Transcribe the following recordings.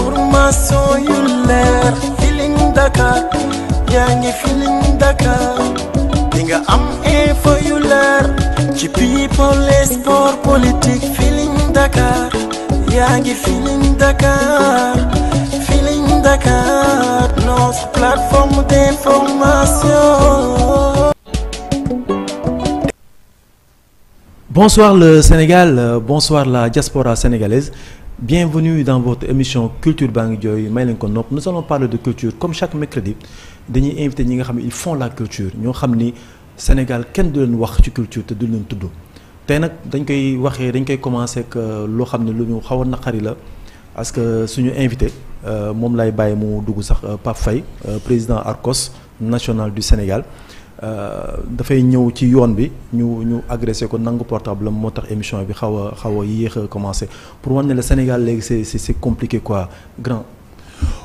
information yu leer Feeling Dakar yaa ngi Feeling Dakar di am info yu leer ci people sport politique Feeling Dakar yaa ngi Feeling Dakar Feeling Dakar nos plateforme d'information Bonsoir le Sénégal, euh, bonsoir la diaspora sénégalaise. bienvenue dans votre émission culture baa ngi jooy may leen ko nopp nous allons parler de culture comme chaque mercredi dañuy invité ñi nga xam ne ils la culture ñoo xam ni Sénégal kenn du leen wax ci culture te du leen tudd tey nag dañ koy waxee dañ koy commencer ak euh, loo xam ne lu ñu xaw a naqari la parce que suñu invité euh, moom lay bàyyi mu dugg sax euh, Pape Faye président ARCOS national du Sénégal Euh, dafay ñëw ci yoon bi ñu ñu agressé ko nangu portable moo tax émission bi xaw a xaw a yéex a commencé pour wan ne Sénégal léegi c'est c'est compliqué quoi grand.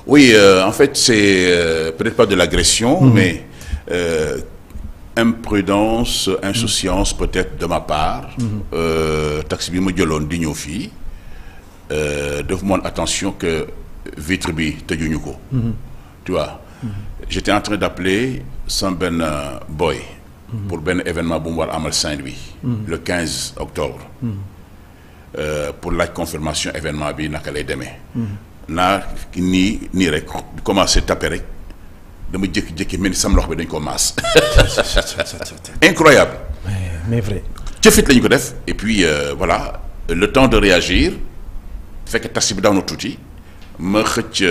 oui euh, en fait c'est euh, peut-être pas de l'agression. Mmh. mais euh, imprudence insouciance mmh. peut-être de ma part. Mmh. Euh, taxi bi ma jëloon di ñëw fii euh, def moon attention que vitre bi tëjuñu ko. Mmh. tu vois. Mmh. j'étais en train d'appeler sama benn euh, boy. Mm-hmm. pour benn événement bu mu amal Saint-Louis. Mm-hmm. le 15 octobre. Mm-hmm. Euh, pour la confirmation événement bi naka lay demee. naa nii nii rek commencé tapé rek dama jëkki jékki mel loxo bi dañ ko maas. incroyable. mais vrai. cëfit la ko def et puis euh, voilà le temps de réagir fekk taxi bi daaw na tuuti ma xëcc.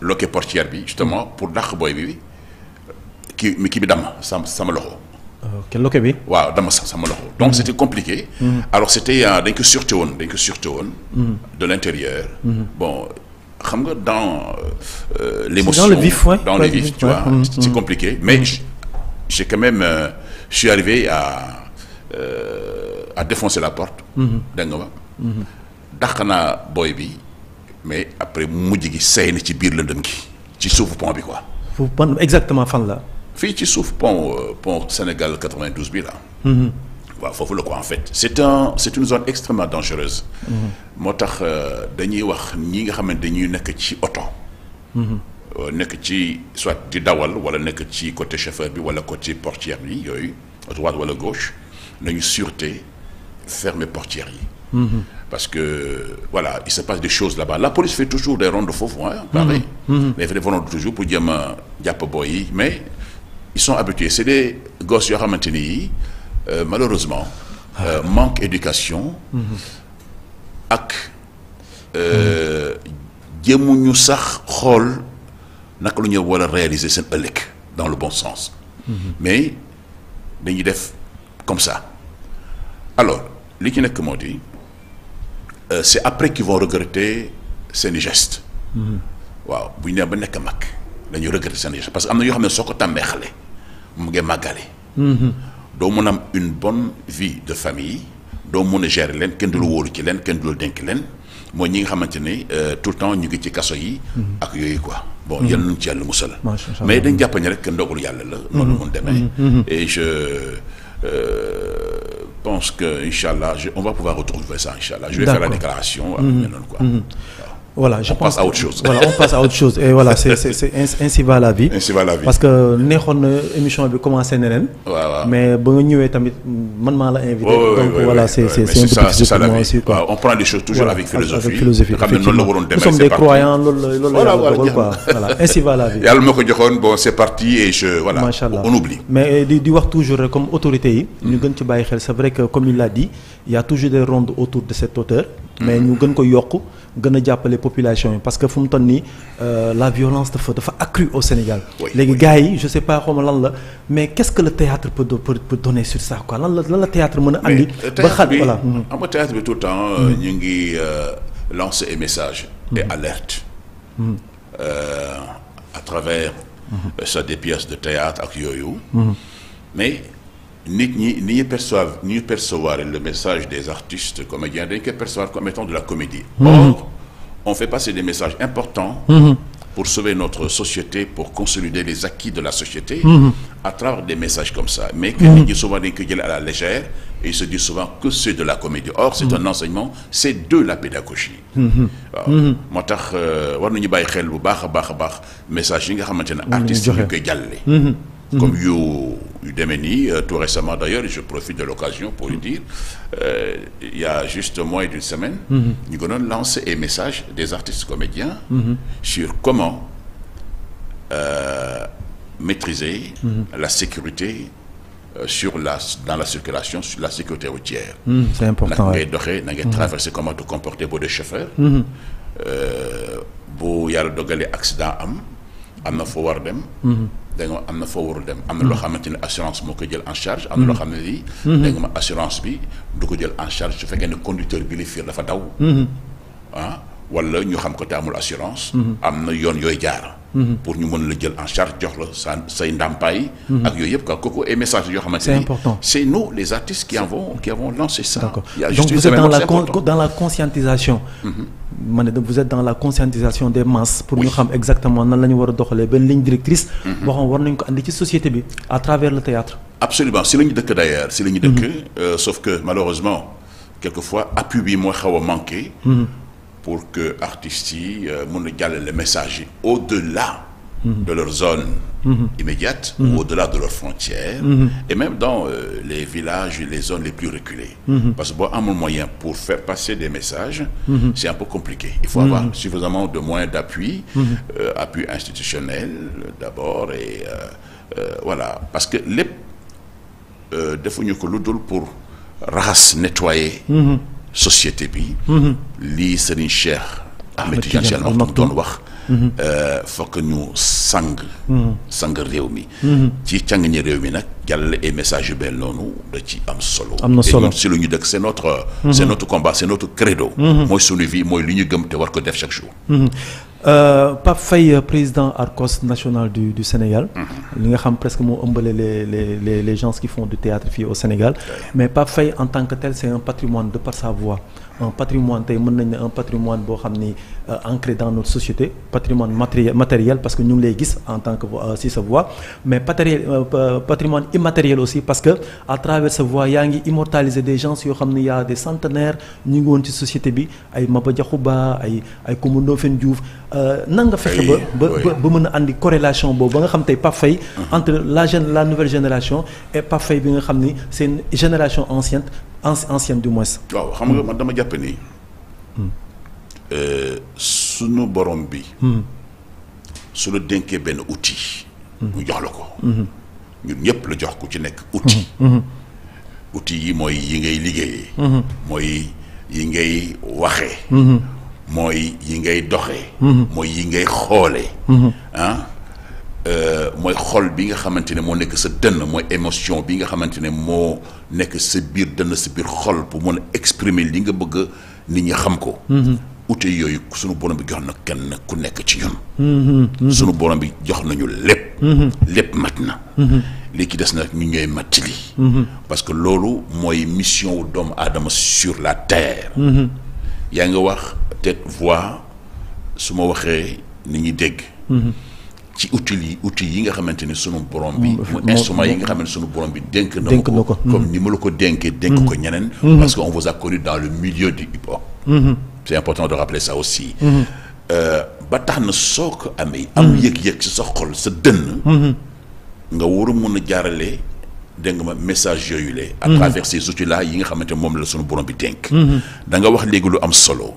loquet portière bi justement pour dàq booy bi ki ki bi damm sama sama loxo. kenn euh, loquet bi. waaw dama sax sama loxo donc mm. c' était compliqué. Mm. alors c' était euh, dañ ko surte woon dañ ko surte mm. de l' bon xam nga dans l' euh, émotion. dans le vif ouais. dans le vif tu vois compliqué mais j'ai quand même je suis arrivé à défoncer la porte. Mm-hmm. dégg nga ma. Mm-hmm. dàq naa booy bi. mais après mujj gi say na ci biir lëndëm gi ci suufu pont bi quoi. foofu pont exactement fan la. fii ci suuf pont euh, pont Sénégal 92 bi la. Mhm. waaw foofu la ko en fait c' est un c' est une zone extrêmement dangereuse. Mhm. moo tax euh, dañuy wax ñi nga xam xamante dañuy nekk ci oto. Mhm. Euh, nekk ci soit di dawal wala nekk ci côté chauffeur bi wala côté portière bi yooyu droite wala gauche nañu sûreté fermer portière yi. Mm -hmm. Parce que, voilà, il se passe de choses là-bas. La police fait toujours des rondes foofu, hein, pareil. Mhm. Mhm. mais dafay def toujours pour jéem a jàpp mais ils sont habitués c'est des gosses yoo xamante ni euh, malheureusement ah. euh, manque éducation mhm. ak euh, jéemuñu sax xool naka lu ñu war a réaliser seen ëllëg dans le bon sens mais dañuy def comme ça alors li ki nekk moo euh, c'est après qu'ils vont regretter seeni geste waaw bu ñu nee ba nekk mag dañuy regretter seeni geste parce que am na yoo xam ne soo ko tàmmee xale mu ngi màggale doo mën am une bonne vie de famille doo mën a gérer leen kenn du lu wóolu ci leen kenn du la dénk leen mooy ñi nga xamante ni euh, tout le temps ñu ngi ci kaso yi. ak yooyu quoi. bon mhm. yal nañu ci yàlla musal. mais dañ jàpp ne rek ndogalu yàlla la. noonu la mhm. mun demee. Mhm. et je. Euh, pense que incha allah on va pouvoir retrouver ça incha allah. je vais faire la déclaration. Mhm. Euh, quoi. Mhm. voilà je on pense passe à autre chose. voilà on passe à autre chose et voilà c'est c'est c'est ainsi va la vie. ainsi va la vie parce que neexoon na émission bi commencé neneen. waaw mais ba nga ñëwee tamit man maa la invité. donc voilà c'est c'est c'est un peu difficile pour moi aussi quoi. on prend les choses toujours avec philosophie avec philosophie effectivement nous sommes des croyants loolu la loolu la yàlla dogal quoi voilà ainsi va la vie. yàlla moo ko joxoon bon c'est parti et je voilà. macha allah on oublie. mais euh, di di wax toujours rek comme autorité yi. ñu hmm. gën ci bàyyi xel c'est vrai que comme il l'a dit il y a toujours des rondes autour de cet auteur. Hmm. mais ñu gën ko yokk. gën a jàppale population yi parce que fu mu toll nii euh, la violence dafa dafa accrue au Sénégal. léegi gars yi je sais pas xawma lan la mais qu'est-ce que le théâtre peut donner sur ça quoi lan la lan la théâtre mën a andi. Euh, ba xal voilà am théâtre bi tout temps. Euh, mm-hmm. ñu ngi lancer ay messages. Mm-hmm. et alerte. Mm-hmm. à travers. ça des pièces de théâtre ak yooyu. mais. nit ñi ni percevoir le message des artistes comédiens dañ koy percevoir comme étant de la comédie. Mm-hmm. or on fait passer des messages importants. Mm-hmm. pour sauver notre société pour consolider les acquis de la société. Mm-hmm. à travers des messages comme ça. mais que nit ñi souvent dañ à la légère et se disent souvent que c'est de la comédie or c'est un enseignement c'est de la pédagogie. waaw moo tax euh, war nañu bu baax a baax a baax message yi nga xamante ne artistes yi comme yu yu demee nii euh, tout récemment d'ailleurs je profite de l'occasion pour le mm-hmm. dire euh, il y a juste moins d'une semaine mm-hmm. ñu ko doon lancer un message des artistes comédiens mm-hmm. sur comment euh, maîtriser la sécurité euh, sur la dans la circulation sur la sécurité routière mm, c'est important na ngay doxee na ngay traverser comment te comporter boo dee chauffeur euh, bu yàlla dogalee accident am am na foo war dem danga am na foo warul dem am na loo mm. xamante ne assurance moo koy jël en charge am na loo xam ne lii danga ma assurance bi du ko jël en charge su fekkee ne conducteur bi li fiir dafa daw mm-hmm. ah wala ñu xam ko te amul assurance mm-hmm. am na yoon yooy jaar pour ñu mën la jël en charge jox la sa say ndàmpaay. Mhm. ak yooyu yëpp quoi kooku ay message yoo xamante ni. c'est important c'est nous les artistes qui avons qui avons lancé ça. donc vous êtes dans la con dans conscientisation. Mhm. ma ne vous êtes dans la des masses. pour ñu xam exactement nan la ñu war a doxalee benn ligne directrice. Mhm. boo xam war nañ ko andi ci société bi à travers le théâtre. absolument si la ñu dëkk d'ailleurs si la ñu dëkk. Euh, sauf que malheureusement quelquefois appui bi moo xaw a manqué. pour que artistes yi euh, mën a jàllale message yi au-delà de leur zone mhm. immédiate mhm. au-delà de leurs frontières mhm. et même dans euh, les villages les zones les plus reculées parce que boo amul moyen pour faire passer des messages c'est un peu compliqué il faut avoir suffisamment de moyens d'appui euh, appui institutionnel d'abord et voilà parce que lépp defuñu ko lu dul pour raxas nettoyer société bi. Mhm. li lii Serigne Cheikh. Ahmed Tidiane Sy Al Maktoum doon wax. Mhm. Euh, fokk ñu sang. Mhm. sang réew mi. ci càng ñi réew mi nag jàllale ay message yu mel noonu da ci am solo. am na solo te si lu ñu dëkk c' est notre. c' est notre combat c' notre credo. mooy sunu vie mooy li ñu gëm te war ko def chaque jour. Euh, Pape Faye euh, président Arcos national du du Sénégal. Mhm. li nga xam presque moo ëmbale les les les les gens qui font du théâtre fii au Sénégal. mais Pape Faye en tant que tel c'est un patrimoine de par sa voix. un patrimoine tey mën nañ ne un patrimoine boo xam ni euh, ancré dans notre société patrimoine matériel parce que ñu ngi lay gis en tant que euh, si sa voix mais patériel patrimoine immatériel aussi parce que à travers sa voix yaa ngi immortaliser des gens yoo xam ni yaa a des centenaires ñu ngi woon ci société bi ay Ba ay ay Coumba Ndoffène Diouf Euh, nan nga fexe ba ba ba mën a indi corrélation boobu ba nga xam tey Pape Faye uh-huh. entre la jeune la nouvelle génération et Pape bi nga xam ni seen une génération ancienne ancienne du moins. waaw xam nga hmm. man dama jàpp ni. Hmm. Euh, sunu borom bi. Hmm. su la dénkee benn outil. mu jox la ko. ñun ñëpp la jox ko ci nekk outil. outil yi mooy yi ngay liggéeyee. mooy yi ngay waxee. mooy yi ngay doxee. Mhm. mooy yi ngay xoolee. Mhm. ah euh, mooy xool bi nga xamante ne moo nekk sa dënn mooy émotion bi nga xamante ne moo nekk sa biir dënn sa biir xol pour mën a exprimer li nga bëgg nit ñi xam ko. Mhm. ute yooyu sunu borom bi jox na kenn ku nekk ci ñun. sunu borom bi jox nañu lépp. lépp mat na. léegi des nag ñu ñooy mattili parce que loolu mooy mission wu doomu aadama sur la terre. yaa nga wax. peut-être voir su ma waxee ni ñuy dégg. Mhm. ci outils yi outils yi nga xamante ni sunu borom bi mu instrument yi nga xamante ni sunu borom bi dénk na ma ko mhm. comme ni ma la ko dénkee dénk ko mhm. ñeneen parce que on vous a connu dans le milieu du hip-hop c'est important de rappeler ça aussi euh, ba tax na soo ko amee am yëg-yëg ci sa xol sa dënn nga war a mun a jaarale dégg nga ma message yooyu la à travers ces outils yi nga xamante moom la sunu borom bi dénk da nga wax léegi lu am solo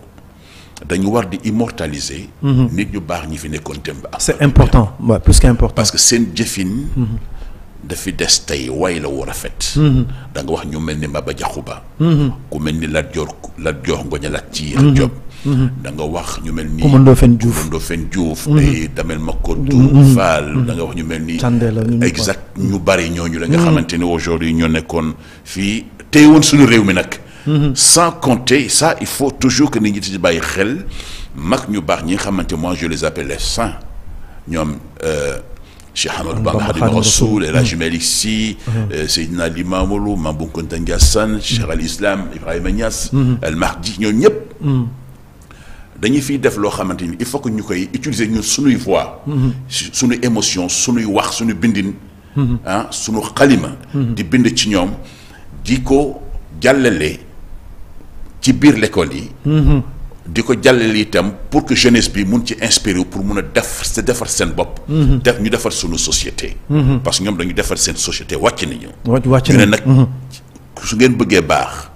dañu war di immortaliser. Mhm. nit ñu baax ñi fi nekkoon temb ak. c'est important waaw plus parce que seen jëfin. Mhm. dafi des tey way la wu rafet. Mhm. da nga wax ñu mel ni Maba Diakhou Ba. ku mel ni Lat Dior Lat Dior Ngoné Lat Dior. Diop da nga wax ñu mel ni. Coumando Fène Diouf Coumando Fène Diouf. ay Damel Makodou Fall da nga wax ñu mel ni. exact ñu bari ñooñu la nga xamante ni aujourd'hui ñoo nekkoon fii téye woon suñu réew mi nag. sans compter ça il faut toujours que ni ñi di bàyyi xel mag ñu baax ñi nga xamante moi je les appelle les saints ñoom euh, Cheikh Ahmadou Bamba Khadimu Rasoul El Hadji mm. Malick Sy mm-hmm. euh, Seydina Limamou Laye Mame Boun Konta Ndiassane mm-hmm. Al Islam Ibrahima Niass mm-hmm. El Mahdi ñoom ñëpp dañuy fi def loo xamante ni il faut que ñu koy utiliser ñun suñuy voix suñu émotion suñuy wax suñu bindin ah suñu xalima di bind ci ñoom di ko jàllale ci biir l'école yi. Mm-hmm. di ko jàllale itam pour que jeunesse bi mun ci inspiré pour mun a def sa defar seen bopp. Mm-hmm. def ñu defar sunu société. Mm-hmm. parce que ñoom dañu defar seen société wàcc nañu. wàcc nañu ñu ne nag su ngeen bëggee baax.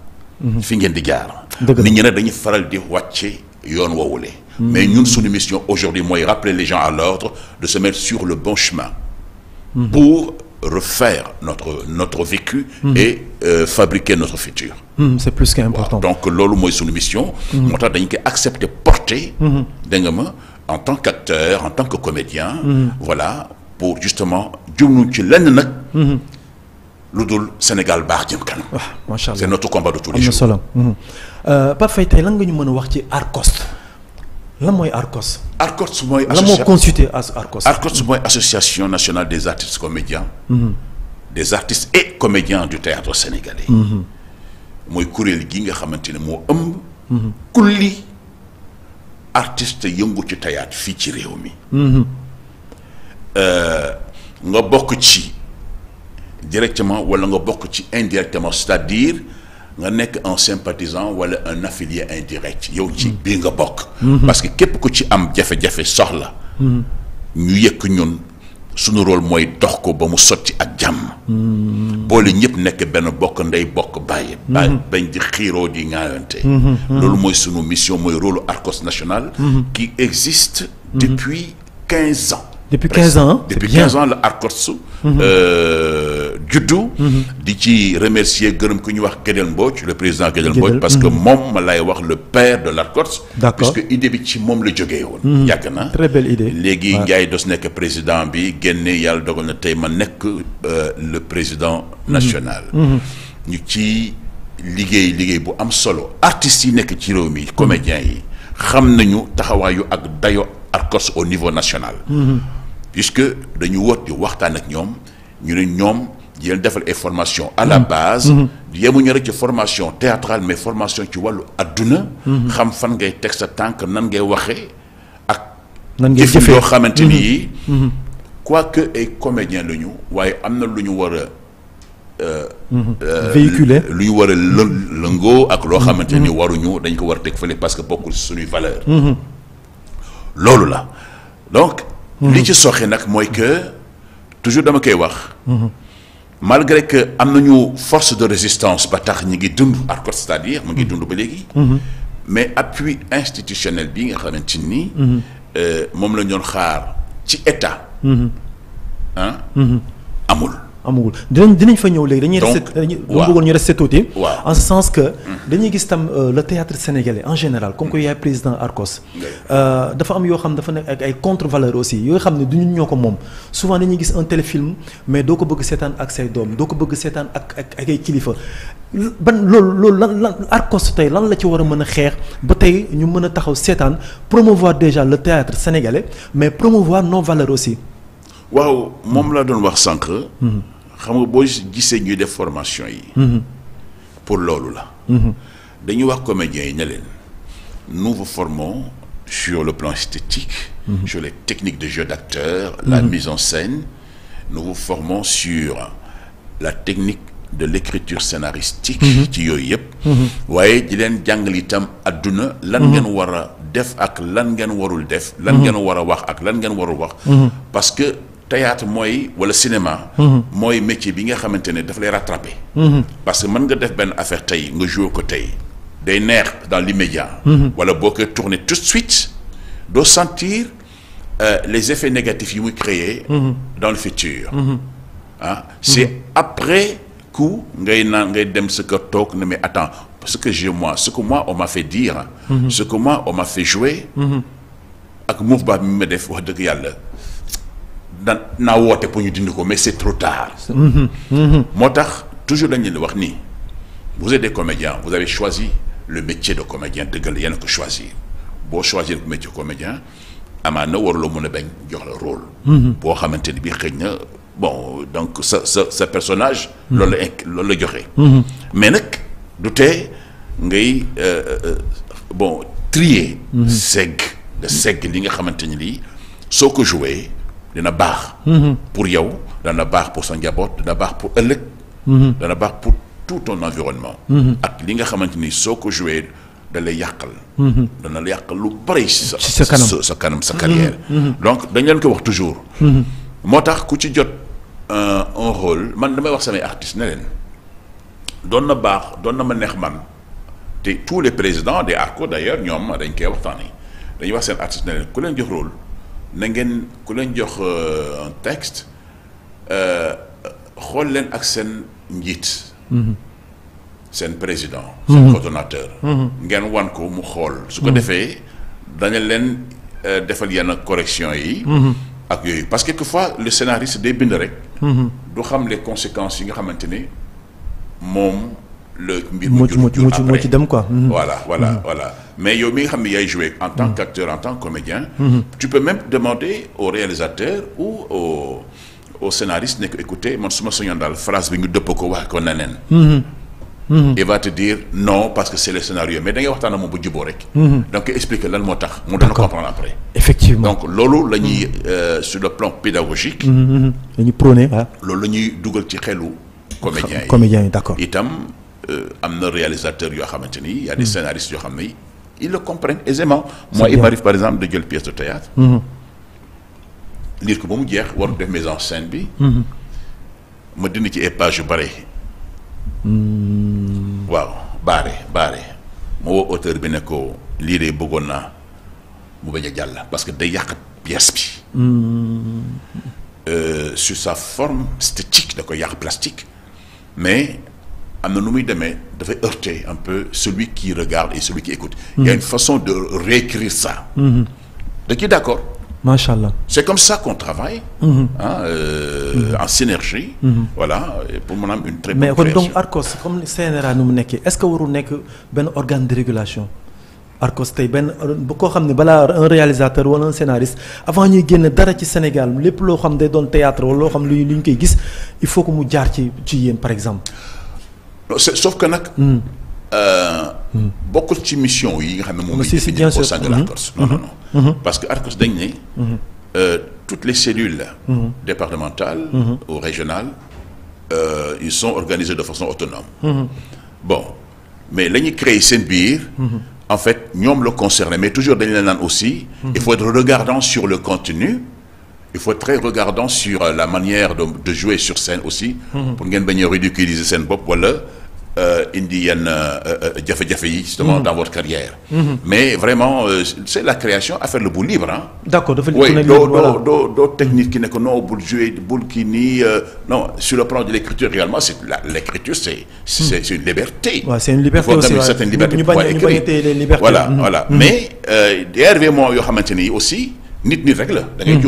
fi ngeen di jaar. nit ñi nag dañu faral di wàcc yoon woowule. mais ñun suñu mission aujourd'hui mooy rappeler les gens à l'ordre de se mettre sur le bon chemin. pour refaire notre notre vécu mm -hmm. et euh, fabriquer notre futur mhm, c'est plus qu'important donc loolu mooy sunu mission mhm. moo tax dañ koy accepter porter mhm. da nga ma en tant qu'acteur en tant que comédien voilà pour justement jublu ci lenn nag lu dul Sénégal baax jëm kanam waaw ah, macha c'est notre combat de tous les jours am na solo euh, Pape Faye a wax ci Arcos lan mooy ARCOS. ARCOS mooy. lan moo constitué association nationale des artistes comédiens. Mm-hmm. des artistes et comédiens du théâtre sénégalais. Mm-hmm. mooy kuréel gi nga xamante ne moo ëmb. Mm-hmm. kulli artiste yëngu ci théâtre fii ci réew mi. Euh, nga bokk ci directement walla nga bokk ci indirectement cest nga nekk un sympathisant wala un affilié indirect yow ci hmm. bii nga bokk hmm. parce que képp ku ci am jafe-jafe soxla hmm. ñu yëkk ñun sunu role mooy dox ko ba mu sotti ak jàmm boole ñëpp nekk benn bokk ndey bokk bàyyi ba bañ di xiiroo di ŋaayante loolu mooy sunu mission mooy rôle ARCOS national qui existe depuis quinze ans depuis 15 ans depuis 15 ans la ARCOS. Mhm. Euh, juddu. Mhm. di ci remercier gërëm ku ñu wax Gédel Mbodj le président Gédel Mbodj parce que mhm. moom ma lay wax le père de l'ARCOS. d'accord puisque idée bi ci moom la jógee woon. yàgg na très belle léegi Ndiaye dos nekk président bi génne yàlla dogal na tey ma nekk euh, le président national. ñu ci liggéey liggéey bu am solo artistes yi nekk ci réew mi comédiens yi xam nañu taxawaayu ak dayo ARCOS au niveau national. que dañu woot di waxtaan ak ñoom ñu ne ñoom di defal ay formation à la mm-hmm. base mm-hmm. yemuñu rek ci formation théâtrale mais formation ci wàllu adduna mm-hmm. xam fan ngay teg sa tànk nan ngay waxe ak jëfin yoo xamante ni yi quoique ay comédien la waaye am na lu ñu war a euh, véhiculer lu ñu war a lëngoo ak loo xamante ni waruñu dañ ko war a teg fële que bokkul suñuy valeur loolu la Mm-hmm. li ci soxe nag mooy que toujours dama koy wax. Mm-hmm. malgré que am nañu force de résistance ba tax ñi ngi dund ARCOT cest à mu ngi mm-hmm. dund ba léegi. mais appui institutionnel bi nga xamante ni. Euh, moom la doon xaar ci état. ah. amul. amagul dinañ fa ñëw léegi dañuy. donc waaw bëggoon ñu rester tuuti. en ce sens que. Mm-hmm. dañuy gis tam euh, le théâtre sénégalais en général comme que mm-hmm. yaay président Arcos. Euh, dafa am yoo xam ne dafa nekk ak ay contre valeur aussi yoo xam ne du ñun ñoo ko moom souvent dañuy gis un téléfilm mais doo ko bëgg seetaan ak say doom doo ko bëgg seetaan ak ak ak ay kilifa. ban loolu loolu lan lan Arcos tey lan la ci war a mën a xeex ba tey ñu mën a taxaw seetaan promouvoir déjà le théâtre sénégalais mais promouvoir nos valeurs aussi. waaw moom mm. laa doon wax sànq. Mm-hmm. xam nga boo gisee ñuy def formation yi. Mhm. pour loolu la. Mhm. dañuy wax comédiens yi ne leen nous vous sur le plan esthétique. Mhm. sur les techniques de jeu d'acteur. la mise en scène. nous vous sur la technique de l'écriture scénaristique. ci yooyu yëpp. waaye di leen jàngal tam adduna. lan ngeen war a def ak lan ngeen warul def. lan ngeen war a wax ak lan ngeen warul wax. parce que. théâtre mooy wala cinéma. Mhm. mooy métier bi nga xamante ne daf lay rattraper. Mhm. parce que mën nga def benn affaire tey nga joué ko tey. day neex dans l'immédiat. Mhm. wala boo koy tourner tout de suite doo sentir euh, les effets négatifs yi muy créer. dans le futur. ah c'est après coup ngay naan ngay dem sa kër toog ne mais attends ce que j'ai moi ce que moi on fait dire. ce que moi on fait jouer. ak mouvement bi ma def wax dëgg yàlla. da naa woote pour ñu dindi ko mais c'est trop tard. moo tax toujours dañu leen wax nii vous êtes des comédiens vous avez choisi le métier de comédien dëggal yéen a ko choisir boo choisir le métier comédien amaana waruloo mën a bañ jox la rôle. boo xamante ni bii xëy na bon donc sa sa sa personnage loolu la inc loolu la joxe. mais nag du tee ngay euh, euh, bon trier. Mhm. segg li nga xamante ni lii soo ko joué. dina baax. Mhm. pour yow dana baax pour sa njaboot dana baax pour ëllëg. Mhm. dana baax pour tout ton environnement. Mhm. ak li nga xamante ni soo ko joué da lay yàqal. dana la yàqal lu bari si sa. sa kanam sa kanam donc dañ leen ko wax toujours. moo tax ku ci jot euh, un rôle man damay wax samay artistes na leen doon na baax doon na ma neex man te tous les présidents des ARCO d' ñoom dañ koy waxtaanee dañ wax seen artistes na leen ku leen jox rôle. na ngeen ku leen jox euh, un texte euh, xool leen ak seen njiit. Mm-hmm. seen président. Mm-hmm. seen coordonnateur. Mm-hmm. ngeen wan ko mu xool. su ko defee dañu leen euh, defal yenn correction yi. ak yooyu parce que quelquefois le scénariste day bind rek. du xam les conséquences yi nga xamante ni moom. le mbir mu jur mu ci dem quoi. voilà voilà voilà. mais yow mi nga xam ne yaay joué en tant qu'acteur en tant que comédien tu peux même demander au réalisateur ou au scénariste ne ko écoutez su ma soñoon daal phrase bi ñu dëpp ko wax ko neneen il va te dire non parce que c'est le scénario mais da ngay waxtaan ak moom bu juboo rek donc expliquer lan moo tax mu doon comprendre après effectivement donc loolu la ñuy hmm. euh, sur le plan pédagogique hmm, hmm, la ñuy ah. loolu la ñuy dugal ci xelu comédien yi comédien yi d'accord itam euh, am na réalisateur yoo xamante ni y a yoo xam ne il le comprennent aisément. moi il m'arrive par exemple de jël pièce de théâtre mm-hmm. lire ko ba mu jeex war def mise en scène bi. Mm-hmm. ma dindi ci ay yu bare. Mm-hmm. waaw baare baare ma woo auteur bi ne ko lii bëggoon naa mu bañ a jàll parce que day yàq pièce bi. Euh, sur sa forme esthétique da koy yàq plastique mais. am na nu muy demee dafay heurter un peu celui qui regarde et celui qui écoute. Mmh. il une mhm. façon de réécrire ça. Mmh. da ciy d'accord. macha allah c'est comme ça qu'on travaille. ah euh, en synergie. am mhm. mais kon ARCOS comme CNRA nu mu nekkee est-ce que warul nekk benn organe de régulation. ARCOS tey benn bu koo xam ne balaa un réalisateur wala un scénariste avant ñuy génn dara ci Sénégal lépp loo xam day doon théâtre wala loo xam lu ñu koy gis il faut que mu jaar ci ci yéen par exemple. sauf que nag. Hmm. Euh, bokkul ci mission yi nga xam ne moom. aussi si bien sûr au sein de l'ARCOS non non non. Hmm. Hmm. parce que ARCOS dañ ne. Euh, toutes les cellules. départementales. ou régionales. Euh, sont organisés de façon autonome. bon mais la ñuy créer seen biir. en fait ñoom la concerné mais toujours dañu la naan aussi. il faut être regardant sur le contenu. il faut être très regardant sur la manière de de jouer sur scène aussi. pour ngeen bañ a ridiculiser seen bopp wala. Euh, indi yenn euh, euh, jafe-jafe yi. justement mhm. dans votre carrière. Mhm. mais vraiment c'est la création affaire la bu libre ah. d'accord dafa libre nag doo doo doo doo technique ki ne ko non bul jouer bul kii nii non sur le plan de l'écriture réellement c'est la l'écriture c'est c'est mhm. c'est une liberté. waaw c'est une liberté aussi waaw certaine liberté ñu bañ ñu bañ yoo xamante ni aussi nit nit rek la. da ngay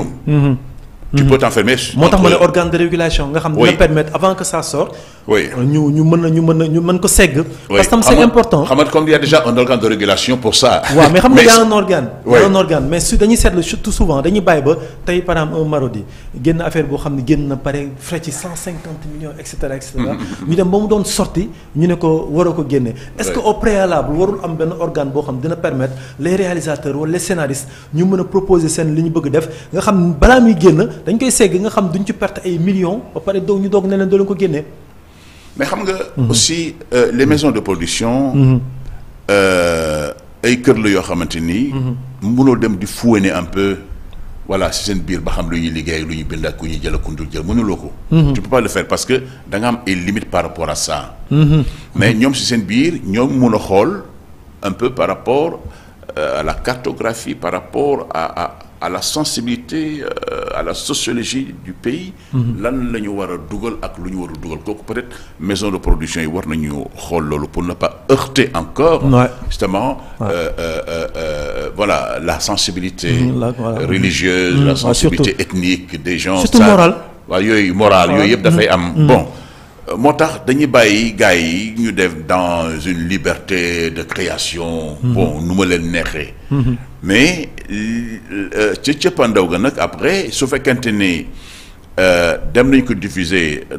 tu mhm. peux t'enfermer. moo tax ma ne organe de régulation nga xam dina permettre avant que ça sorte. ñu mën na ñu mën na ñu mën ko segg. parce que tam c'est important. xam nga comme a déjà un organe de régulation pour ça. waaw mais xam nga y a un organe. un organe mais su dañuy seetlu surtout souvent dañuy bàyyi ba tey par exemple génn affaire boo xam ne génn na pare frais ci cent cinquante millions et cetera et cetera. ñu dem ba mu doon sorti ñu ne ko waroo ko génne. est-ce que au préalable warul am benn organe boo xam dina permettre les réalisateurs wala les scénaristes mën a proposer seen li ñu bëgg def nga xam balaa muy génn dañ koy ségg nga xam duñ ci perte ay millions ba pare doo ñu doog ne doo leen ko génnee. mais xam nga. Mhm. aussi euh, les mhm. maisons de production. Mhm. Euh, ay kër la yoo xamante ni. mënoo dem di fouiner un peu. voilà si seen biir ba xam lu ñuy liggéey lu ñuy bind ak ku ñuy jël ak ku dul jël mënuloo ko. tu peux pas parce que da am ay limites par rapport à ça. mais ñoom si seen biir ñoom mun a xool un peu par rapport euh, à la cartographie par rapport à à. à la sensibilité euh, à la sociologie du pays. Mhm. lan la ñu war a dugal ak lu ñu war a dugal kooku peut-être maison de production yi war nañu xool loolu pour ne pas heurter encore. justement euh, euh, voilà la sensibilité. Mhm, religieuse mhm. la sensibilité ethnique des gens. surtout morale yooyu morale yooyu yëpp dafay am bon. moo tax dañuy bàyyi gars yi ñu def dans une liberté de création. nu ma leen neexee. mais euh, ca cëppandaw ga nag après su fekkente ni euh, dem nañ ko diffuser euh,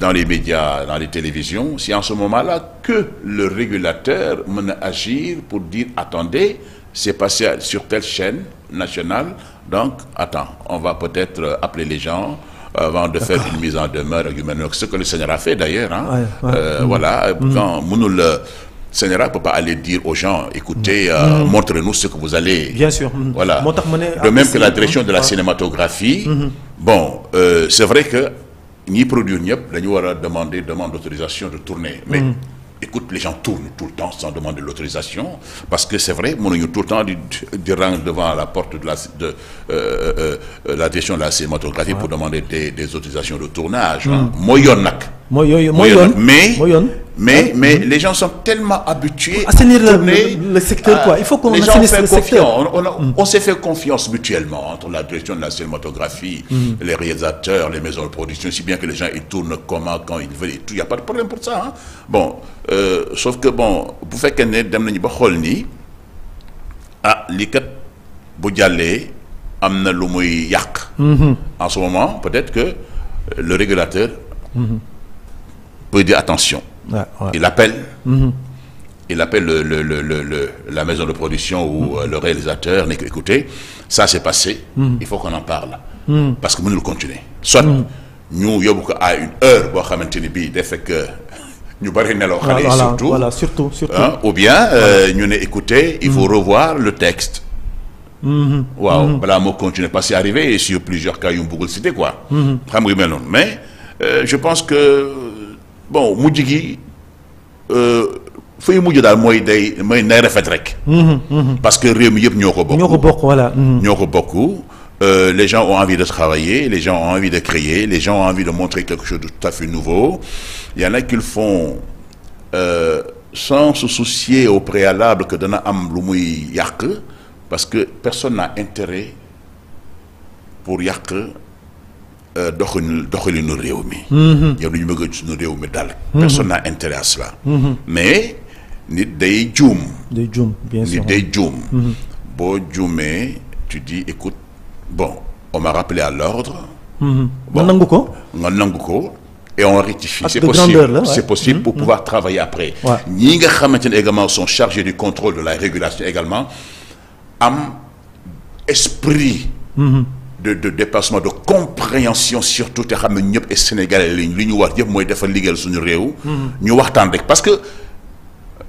dans les médias dans les télévisions c'est en ce moment-là que le régulateur mën a agir pour dire attendez c'est passé sur telle chaîne nationale donc attends on va peut-être appeler les gens avant de faire une mise en demeure ak yu mel noonu ce que le Seigneur a fait d'ailleurs ah ouais, ouais. euh, mmh. voilà mm-hmm. quand mënul Sénéral peut pas aller dire aux gens écoutez mm. euh, mm. montrez-nous ce que vous allez. bien sûr mm. voilà moo tax ma ne de même que la direction de la ah. cinématographie. Mm-hmm. bon euh, c'est vrai que ñiy produire ñëpp dañu war a demander demande d'autorisation de tourner. mais écoute les gens tournent tout le temps sans demander l'autorisation parce que c'est vrai mënuñu tout le temps di di rang devant la porte de la de euh, euh, euh, la direction de la cinématographie. Ouais. pour demander des des autorisations de tournage. mooy yoon nag. mooy yooyu mooy yoon mais mooy yoon mais ah. mais les gens sont tellement habitués. assainir le le secteur quoi il faut qu'on assainisse le secteur on on mm. on s'est fait confiance mutuellement entre la direction de la cinématographie. Mm. les réalisateurs les maisons de production si bien que les gens ils tournent comment quand ils veulent a pas de problème pour ça bon euh, sauf que bon bu fekkee ne dem nañu ba xool nii ah lii kat bu jàllee am na lu muy yàq. Mm-hmm. en ce moment peut-être que le régulateur. Mm-hmm. pour lui dire attention. Ouais, ouais. Il appelle. Mm -hmm. Il appelle le, le, le, le, la maison de production ou mm -hmm. le réalisateur. N'est écoutez, ça s'est passé. Mhm. Il faut qu'on en parle. Mhm. parce que mënul continuer. soit mhm. ñu yóbbu ko à une heure boo xamante ni bii day fekk euh, ñu bari nelaw. xale yi surtout voilà surtout surtout. Hein? ou bien euh, ñu ne écoutez il faut revoir le texte. waaw balaa moo continuer parce que arrivé sur plusieurs cas yu mu bëggul cité quoi. xam nga yu mel noonu mais euh, je pense que. bon mujj gi euh, fay mu daal mooy day mooy nay rafet rek. Mhm, mhm. parce que réew mi yëpp ñoo ko bokk. ñoo ko bokk mhm. euh, les gens ont envie de travailler les gens ont envie de créer les gens ont envie de montrer quelque chose de tout à fait nouveau il y a qui le font euh, sans se soucier au préalable que dana am lu muy yàq parce que personne n'a intérêt pour yàq. Euh, doxalinu doxalinu réew mi. Mm-hmm. yow dañu bëgg suñu réew mi daal. Mm-hmm. personne n'a intérêt à cela. Mm-hmm. mais nit day juum. day juum bien sûr nit day juum. boo juumee tu dis écoute bon on m'a rappelé à l'ordre bon nga nangu ko. nga nangu ko. et on rectifie c'est possible pour pouvoir travailler après. ñii nga xamante ne également sont chargés du contrôle de la régulation également am esprit. de de dépassement de compréhension surtout te xam ne ñëpp ay sénégalais lañ li ñu war yëpp mooy defar liggéeyal suñu réew. Mm-hmm. ñu waxtaan rek parce que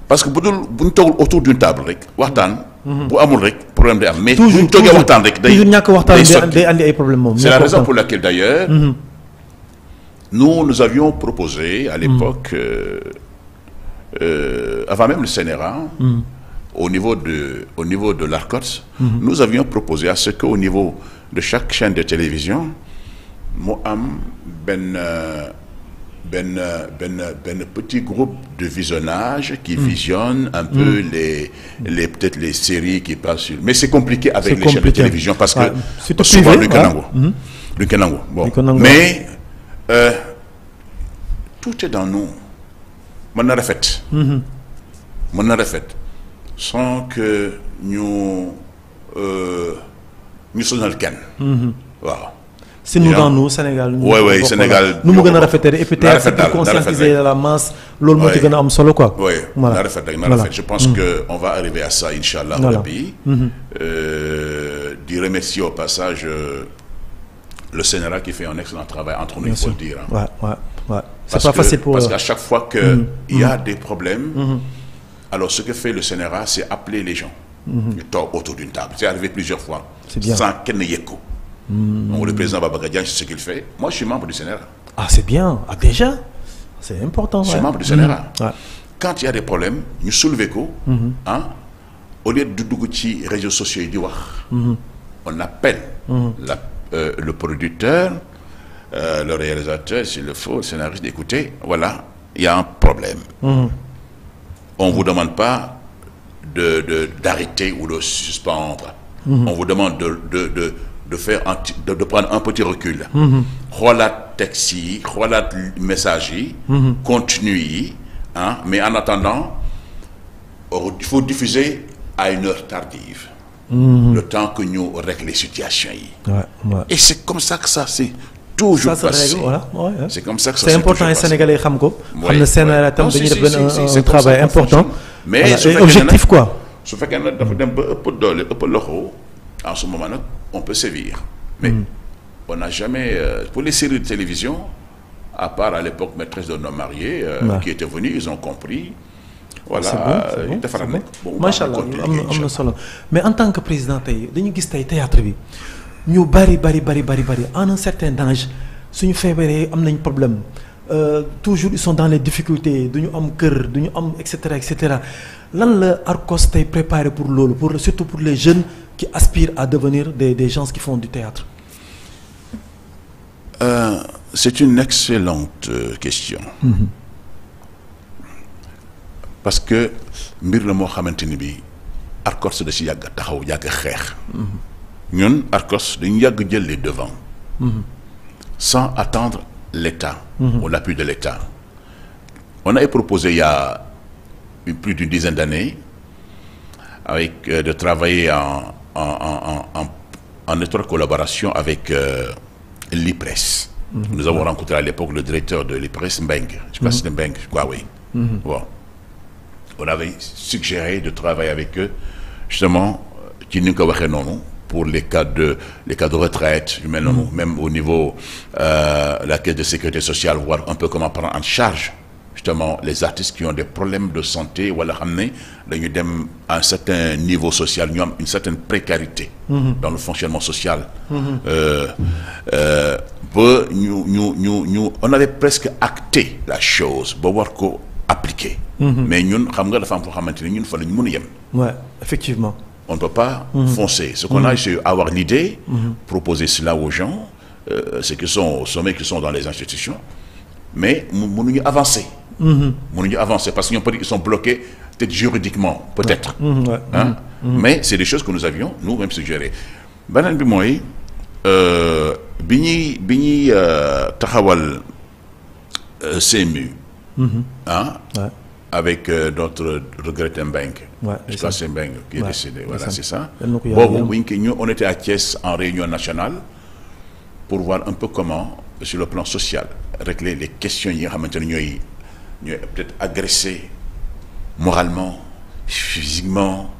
parce que bu dul bu autour d'une table rek waxtaan. Mm-hmm. bu amul rek problème day am. mais bu ñu toujours ñàkk waxtaan day c'est la raison pour laquelle d'ailleurs. Mm-hmm. nous nous avions proposé. à l'époque euh, euh, avant même le CNRA. au niveau de au niveau de l'ARCOT. nous avions proposé à ce que au niveau. de chaque chaîne de télévision mu am benn benn benn benn petit groupe de visionnage qui hmm. visionne un peu hmm. les les peut-être les séries qui passent sur mais c'est compliqué avec les chaînes de télévision parce que souvent duñ ko hmm. mais euh, tout est dans nous mën na rafet mën na rafet sans que ñu euh, ñu sonal kenn. Mhm. waaw. si nous dans nous Sénégal. ñu Sénégal nu mu gën a rafetee et puis tey surtout conscientiser la masse. loolu moo ci gën a am solo quoi. oui na rafet rek je pense mhm. que va arriver à ça incha allah. voilà mhm. euh, di remercier au passage euh, le Sénéral qui fait un excellent travail entre nous. il faut le dire ah. waaw waaw à chaque fois que. y a des problèmes. alors ce que fait le Sénéral c'est appeler les gens. ñu toog autour d'une table c'est arrivé plusieurs fois. c'est bien sans kenn yëg ko. Hmm. le président Babacar Diagne c'est ce qu'il fait moi suis membre du CNRA. ah c'est bien ah, déjà c'est important. je membre du CNRA. Hmm. quand il y a des problèmes ñu soulever ko. Hmm. au lieu de dugg ci réseaux sociaux yi di wax. on appelle. Euh, le producteur euh, le réalisateur s'il le faut le scénariste d'écouter voilà y a un problème. on vous demande pas. de de d'arrêter ou de suspendre. Mhm. on vous demande de faire un petit recul. xoolaat mhm. texte yi xoolaat message yi. Mhm. contenu yi ah mais en attendant il faut diffuser une heure tardive. le temps que ñu règle les yi. et c'est comme ça que ça c'est toujours ça c'est que ça important sénégalais yi xam ko. xam na seen tam dañuy def benn un euh, travail important. mais su fekkee objectif quoi. su fekkee dem ba ëpp doole ëpp loxo en ce moment nag on peut sévir. mais hmm. on n'a jamais euh, pour les séries de télévision à part à l'époque maîtresse d'un homme marié. Euh, qui était venu ils ont compris. voilà defaraat macha allah am na am na solo mais en tant que président tey dañu gis tey théâtre bi. ñu bari bari bari bari bari en un certain âge suñu feebaree am nañ problème euh, toujours ils sont dans les difficultés du ñu am kër du ñu am et cetera cetera lan la ARCOS tey préparé pour loolu pour surtout pour les jeunes qui aspirent à devenir des des gens qui font du théâtre. Euh, une excellente euh, question. Mm parce que mbir la moo xamante ni bii ARCOS da ci yàgg taxaw yàgg xeex. Mm-hmm. ñun ARCOS dañu yàgg jël les devants mhm. sans attendre l'État mhm. ou l'appui de l'État on avait proposé il y a plus d'une dizaine d'années euh, de travailler en en en en en étroite collaboration avec euh, l'IPRES mhm. nous avons rencontré à l'époque le directeur de l'IPRES Mbengue je pense on avait suggéré de travailler avec eux justement euh, ci ni nga ko waxee noonu pour les cas de les cas de retraite yu mel noonu mm. même au niveau euh, la caisse de sécurité sociale voir un peu comment prendre en charge justement les artistes qui ont des problèmes de santé wala xam ne dañu dem à un certain niveau social ñu am une certaine précarité mm -hmm. dans le fonctionnement social mm-hmm. euh, euh, ba ñu ñu ñu ñu on avait presque acté la chose ba war ko mm-hmm. mais ñun xam nga dafa am ñu mën a yem effectivement on ne peut pas mmh. foncer. Ce qu'on mmh. a, c'est avoir l'idée, mmh. proposer cela aux gens, euh, ceux qui sont au sommet, qui sont dans les institutions, mais mënuñu avancer. Mhm. mënuñu avancer parce que ñoom peut-être ils sont bloqués peut-être juridiquement peut-être. ah mais c'est des choses que nous avions nous-mêmes suggérées. beneen bi mooy euh, bi ñuy bi ñuy euh, taxawal euh, CMU. ah. avec euh, notre regretté Mbengue. Ouais, je crois c'est Mbengue qui Voilà, c'est ça. Boobu bu ñu on était à Thiès en réunion nationale pour voir un peu comment sur le plan social régler les questions yi nga xamante ne ñooy ñooy peut-être agressé moralement physiquement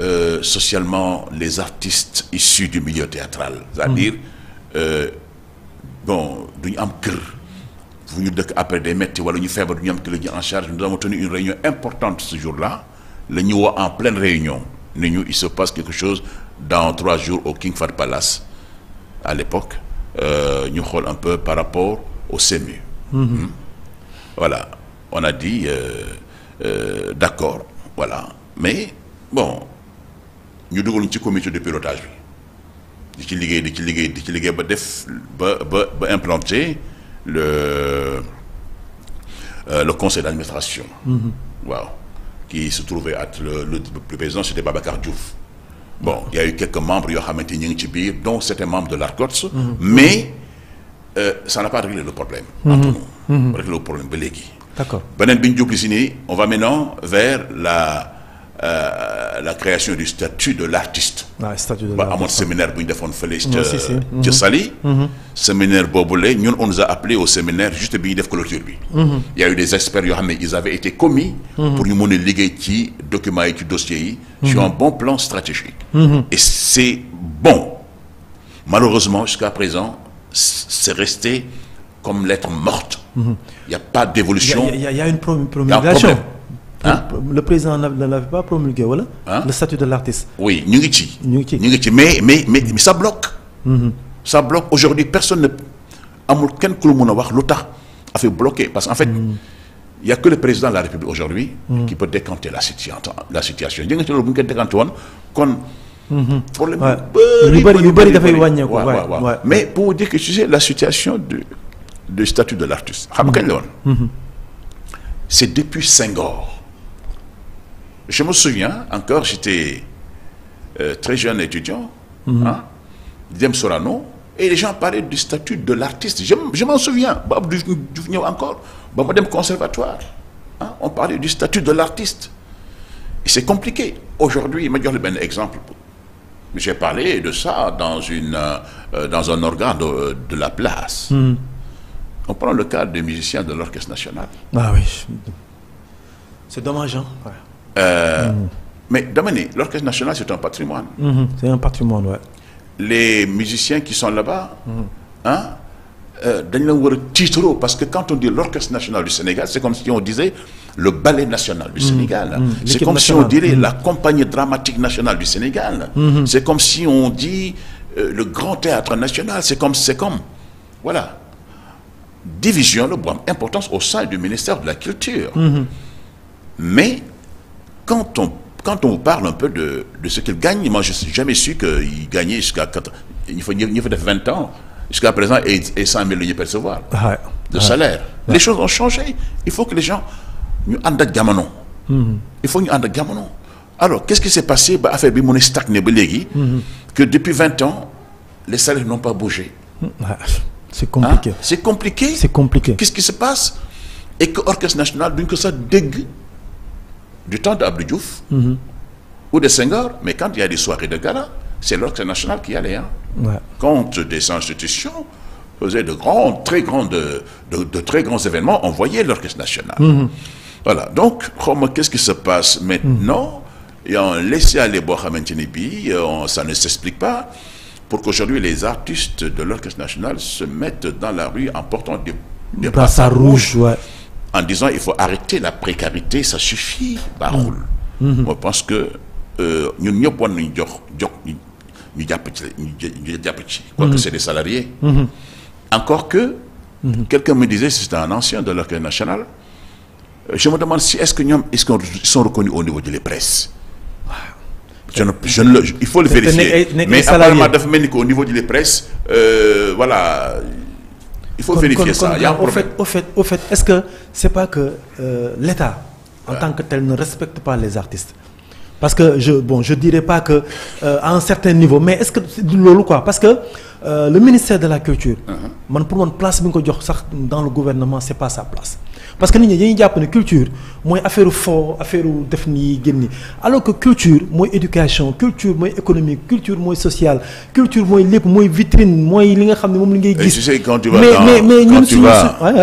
euh, socialement les artistes issus du milieu théâtral c'est-à-dire mm. euh, bon duñu am kër fu ñu dëkk après day metti wala ñu feebar du ñu am ki la ñu en charge nous avons tenu une réunion importante ce jour la ñu woo en pleine réunion ni ñu il se passe quelque chose dans trois jours au King Fahd Palace à l'époque euh, ñu xool un peu par rapport au CMU. Mmh. Hmm? voilà on a dit euh, euh, d'accord voilà mais bon ñu dugaluñ ci comité de pilotage bi di ci liggéey di ci liggéey di ci liggéey ba def ba ba ba implanté. le euh, le conseil d'administration. Mm -hmm. waaw qui se trouvait à le, le le président c'était Babacar Diouf. bon il y a eu quelques membres yoo xamante ñu ngi ci biir donc c'était membre de l'ARCOTS. Mm -hmm. mais euh, ça n'a pas réglé le problème. entre mhm. nous mhm. réglé le problème ba léegi. d'accord beneen bi ñu jubli si nii on va maintenant vers la. Euh, la création du statut de l'artiste séminaire bu ñu mmh, mmh. Mmh. la ñun on nous a appelé au séminaire juste bi ñu def clôture bi y a eu des experts yoo xam ne ils été commis pour ñu mën a liggéey ci documents sur un bon plan stratégique et c'est bon malheureusement jusqu'à présent c'est resté comme lettre morte il y a pas d'évolution il y a une promulgation ah le président ne l'avait pas promulgué Voilà. le statut de l'artiste. oui ñu ngi ci. ñu ngi ci ñu ngi ci mais mais mais ça bloque. Mm-hmm. ça bloque aujourd'hui personne ne amul kenn ku la mën a wax lu tax affaire bloqué parce que en fait. il mm-hmm. y que le président de la République aujourd'hui mm-hmm. qui peut décanter la situation la situation ñu ngi ci loolu bu ñu problème yu bëri yu bëri dafay wàññeeku. mais pour dire que tu la situation du du statut de l'artiste. xam nga kañ la woon. c'est je me souviens encore j'étais euh, très jeune étudiant ah mhm. di dem Sorano et les gens parlaient du statut de l'artiste je je m'en souviens ba Abdou Diouf ñëw encore ba ma dem conservatoire ah on parlait du statut de l'artiste et c'est compliqué aujourd'hui ma jox la benn exemple j'ai parlé de ça dans une euh, euh dans un organe de, euh, de la place mm. on prend le cas des musiciens de l'orchestre national ah oui c'est dommage hein ouais. Euh, mais dama ni l'orchestre national c'est un patrimoine. Mmh, c'est un patrimoine ouais. les musiciens qui sont là-bas. ah dañ la war a tiitaroo parce que quand on dit l'orchestre national du Sénégal c'est comme si on disait le ballet national du mhm, Sénégal. Mmh, mmh, c'est comme nationale. si on dirait mhm. la compagnie dramatique nationale du Sénégal. Mhm. c'est comme si on dit euh, le grand théâtre national c'est comme c'est comme voilà division la bu am importance au sein du ministère de la culture. mais quand on quand on parle un peu de de ce qu'il gagne moi je n'ai jamais su qu'il gagnait jusqu'à quatre ñu fa ñu fa def vingt ans jusqu'à présent ay salaire. les choses ont changé il faut que les gens ñu ànd ak mm-hmm. il faut ñu ànd ak alors qu'est-ce qui s'est passé ba affaire ne stagné ba mm-hmm. que depuis ans les salaires n'ont pas bougé. Mm-hmm. c'est compliqué qu'est-ce qui se passe et que orchestre national duñ ko sax dégg. du temps d'Abdou Diouf. Mmh. ou de Senghor mais quand il y a des soirées de gala c'est l'Orchestre national qui y allait hein. Ouais. Quand des institutions faisaient de grands très grands de, de de très grands événements on voyait l'Orchestre national. Mmh. Voilà donc xawma qu'est-ce qui se passe maintenant. il mhm. y a un laisser-aller boo xamante ni bii euh, ça ne s'explique pas. pour qu'aujourd'hui les artistes de l'Orchestre national se mettent dans la rue en portant des des brassards rouges ouais. en disant il faut arrêter la précarité ça suffit baaxul mhm. je pense que euh, ñun ñëpp war nañu jox jox ñu jàpp ci ñu jàpp ci quoi que mhm. c'est des salariés mhm. encore que quelqu'un me disait c'était un ancien de l'Orchestre national euh, je me demande si est-ce que ñoom est-ce qu'ils sont reconnus au niveau de les je ne le il faut le vérifier mais apparemment dafa mel ni qu'au niveau de les presses euh, voilà il faut vérifier ça y a un problème au fait au fait est-ce que c'est pas que euh, l'État en tant que tel ne respecte pas les artistes parce que je bon pas que euh, à un certain niveau mais est-ce que loolu quoi parce que euh, le ministère de la culture uh-huh. man pour man place bi nga ko jox sax dans le gouvernement c'est pas sa place parce que nit ñi dañuy jàpp ne culture mooy affaire fond affaire def nii génni alors que culture mooy éducation culture mooy économique culture mooy sociale culture mooy lépp mooy vitrine mooy li nga xam ne moom la ngay gis. tu sais quand tu vas mais, dans mais mais ñun suñu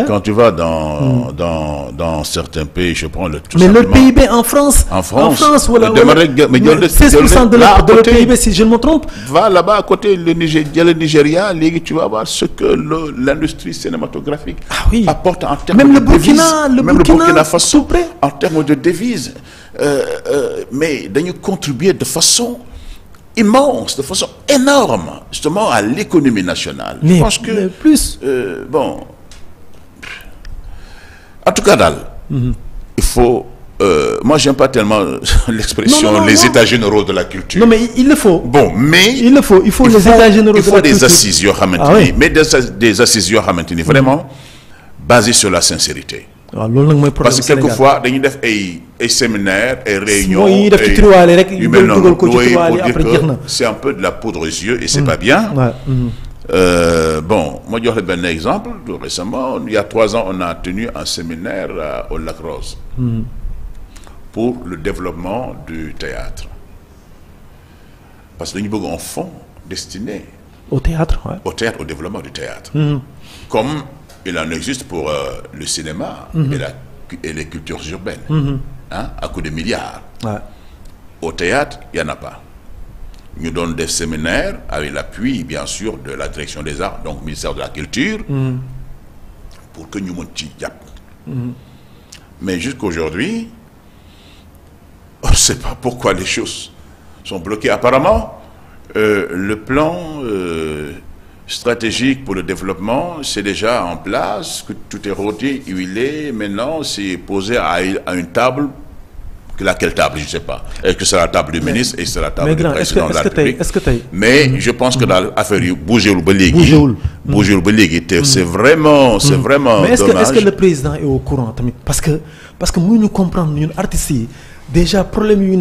quand tu vas dans hmm. dans dans certains pays je prends le. tout mais le PIB en France. en France en France wala wala mais jël 16% de la de le PIB si je ne me trompe. va là-bas à côté le Niger jël Nigeria léegi tu vas voir ce que le l'industrie cinématographique. ah oui apporte en termes de devises même le Burkina le Burkina Faso. en termes de devises euh, euh, mais dañu contribuer de façon immense de façon énorme justement à l'économie nationale mais, je pense que mais plus euh, bon en tout cas daal mm -hmm. il faut euh, moi j'aime pas tellement l'expression les non. états généraux de la culture. non mais il le faut. bon mais il le faut il faut il les faut, états généraux il faut de la des culture. assises yoo xamante ni. Ah, oui. mais des, des assises yoo xamante ni vraiment mm -hmm. basées sur la sincérité. waaw loolu nag mooy problème parce que quelquefois dañuy def ay ay séminaire ay réunion mooy def ci tiroir rek yu mel c'est un peu de la poudre aux et c'est mm. pas bien mm. euh, bon ma jox la exemple récemment il y a trois ans on a tenu un séminaire au Lac Rose mm. pour le développement du théâtre parce que dañu bëgg un fonds destiné au théâtre au théâtre au développement du théâtre comme il en existe pour euh, le cinéma. Mm -hmm. et la et les cultures urbaines. Mm -hmm. hein à coup de milliards. Ouais. au théâtre il y en a pas. ñu doon def séminaire avec l'appui bien sûr de la direction des arts donc ministère de la culture. Mhm. pour que ñu mën ci jàpp. Mhm. mais jusqu'aujourd'hui on ne sait pas pourquoi les choses sont bloquées apparemment euh, le plan. Euh, stratégique pour le développement, c'est déjà en place, que tout est rodé, huilé. Maintenant, c'est posé à, une table. Laquelle table, je ne sais pas. Est-ce que c'est la table du ministre et c'est la table du président de la République Mais je pense que dans l'affaire Bougeoul Belégui, Bougeoul Belégui, c'est vraiment, mm. c'est vraiment Mais est-ce que, le président est au courant Parce que, parce que nous, nous comprenons, nous, artistes, déjà, problème, nous,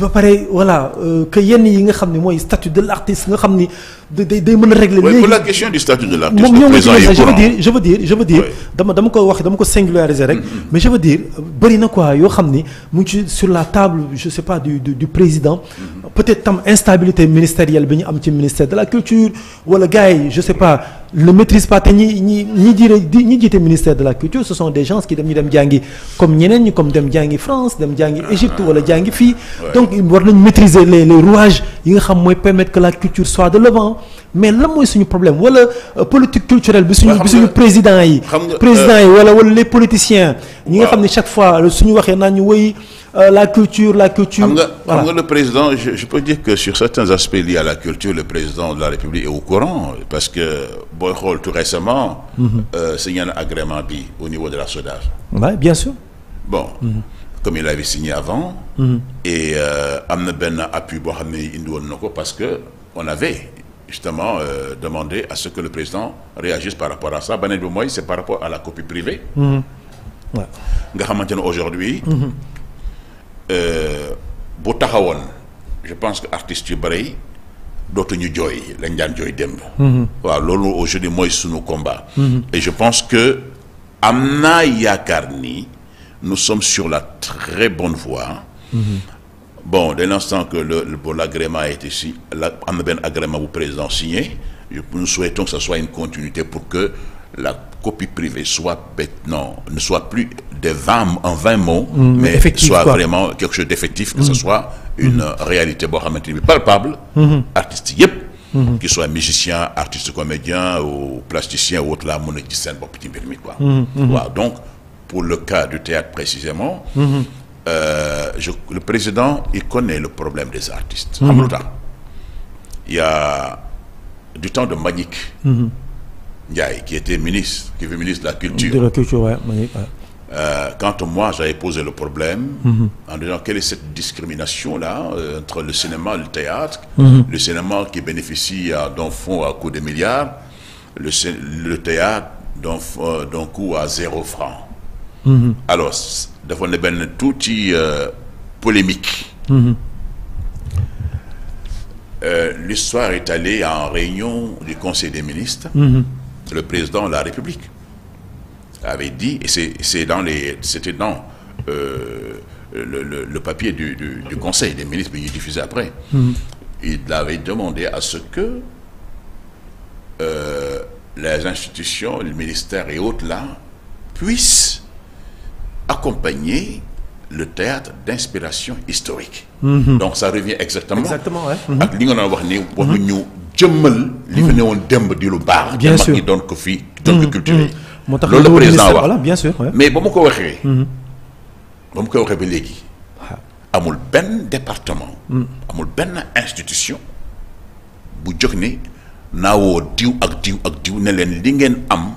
ba pare voilà euh, que yi nga xam ne mooy statut de l'artiste nga xam ni day day mën a régler. léegi pour la question du je veux dire je veux dire dama dama ko wax dama ko singulariser rek. Mm-hmm. mais je veux dire bëri na quoi yoo xam ni mu ngi ci sur la table je sais pas du président. Mm-hmm. peut-être tam instabilité ministérielle bi ñu am ci ministère de la culture wala gars yi je sais pas. le maîtrise pas ñi ñi ñi jiite ñi jiite ministère de la culture ce sont des gens qui dem ñu dem jàngi comme ñeneen ñi comme dem jàngi France dem jàngi Égypte wala jàngi fii donc war nañ maîtriser les rouages yi nga xam mooy permettre que la culture soit de l'avant mais lan mooy suñu problème wala euh, politique culturelle bi suñu bi suñu président yi président yi euh, wala wala les politiciens ñi nga xam ne chaque fois suñu waxee naan ñu woy euh, la culture la culture. am nga xam nga le président je, je peux dire que sur certains aspects liés à la culture le président de la République est au courant parce que booy xool tout récemment. Mhm. Euh, signé na agrément au niveau de la SODAV. bien sûr. bon. Mhm. comme il avait signé avant. Mhm. et euh, am na benn appui boo xam ne indi woon na ko parce que on avait. justement euh, demander à ce que le président réagisse par rapport à ça beneen bi mooy c'est par rapport à la nga xamante ne aujourd'hui euh, bu taxawoon je pense que artistes yu bëri dootuñu jooy lañ daan jooy démb mhm. waaw loolu aujourd'hui mooy sunu combat mhm. et je pense que am naa yaakaar sommes sur la très bonne voie mhm. dès l'instant que le bon l'agrément est ici la am bu président signé nous souhaitons que ça soit une continuité pour que la copie privée soit maintenant ne soit plus des vingt mots. Mm, mais soit vraiment quelque chose d'effectif. que ce mm. soit une mm. réalité boo xamante ni palpable. Mm-hmm. artistes yëpp. Mm-hmm. qui soit musicien artiste comédien ou plasticien ou autre la mën a gis seen bopp ci mbir mi quoi. Mm-hmm. donc pour le cas du théâtre précisément. Euh, le président il connaît le problème des artistes. xam il y a du temps de Mbagnick. Ndiaye qui était ministre qui fut ministre de la culture. de la culture ouais, ouais. Euh, quand moi j'avais posé le problème. Mm -hmm. en disant quelle est cette discrimination là euh, entre le cinéma et le théâtre. Mm -hmm. le cinéma qui bénéficie d'un fonds à coût de milliards le cin le théâtre d'un euh, coût à zéro franc. Mm -hmm. alors dafa ne benn tuuti euh, polémique. Mhm. Euh, l'histoire est allée en réunion du Conseil des ministres. Mhm. le président de la République avait dit, et c'est dans les, c'était dans euh, le, le, le, papier du, du, du, Conseil des ministres, mais il est diffusé après, mm. il avait demandé à ce que euh, les institutions, le ministère et autres là, puissent accompagner le théâtre d'inspiration historique. Mm -hmm. Donc ça revient exactement. Exactement, ouais. mm -hmm. ak li nga doon wax ni hmm. waxuñu jëmmal li fi hmm. newoon démb di lu baax. bien sûr mag ñi doon ko fii doon ko hmm. cultivé. Hmm. loolu la président wax bien mais ba ko waxee. ba mu ko waxee ba léegi. Ah. benn département. benn institution. bu jóg ne naawoo ak diw ak diw ne leen li ngeen am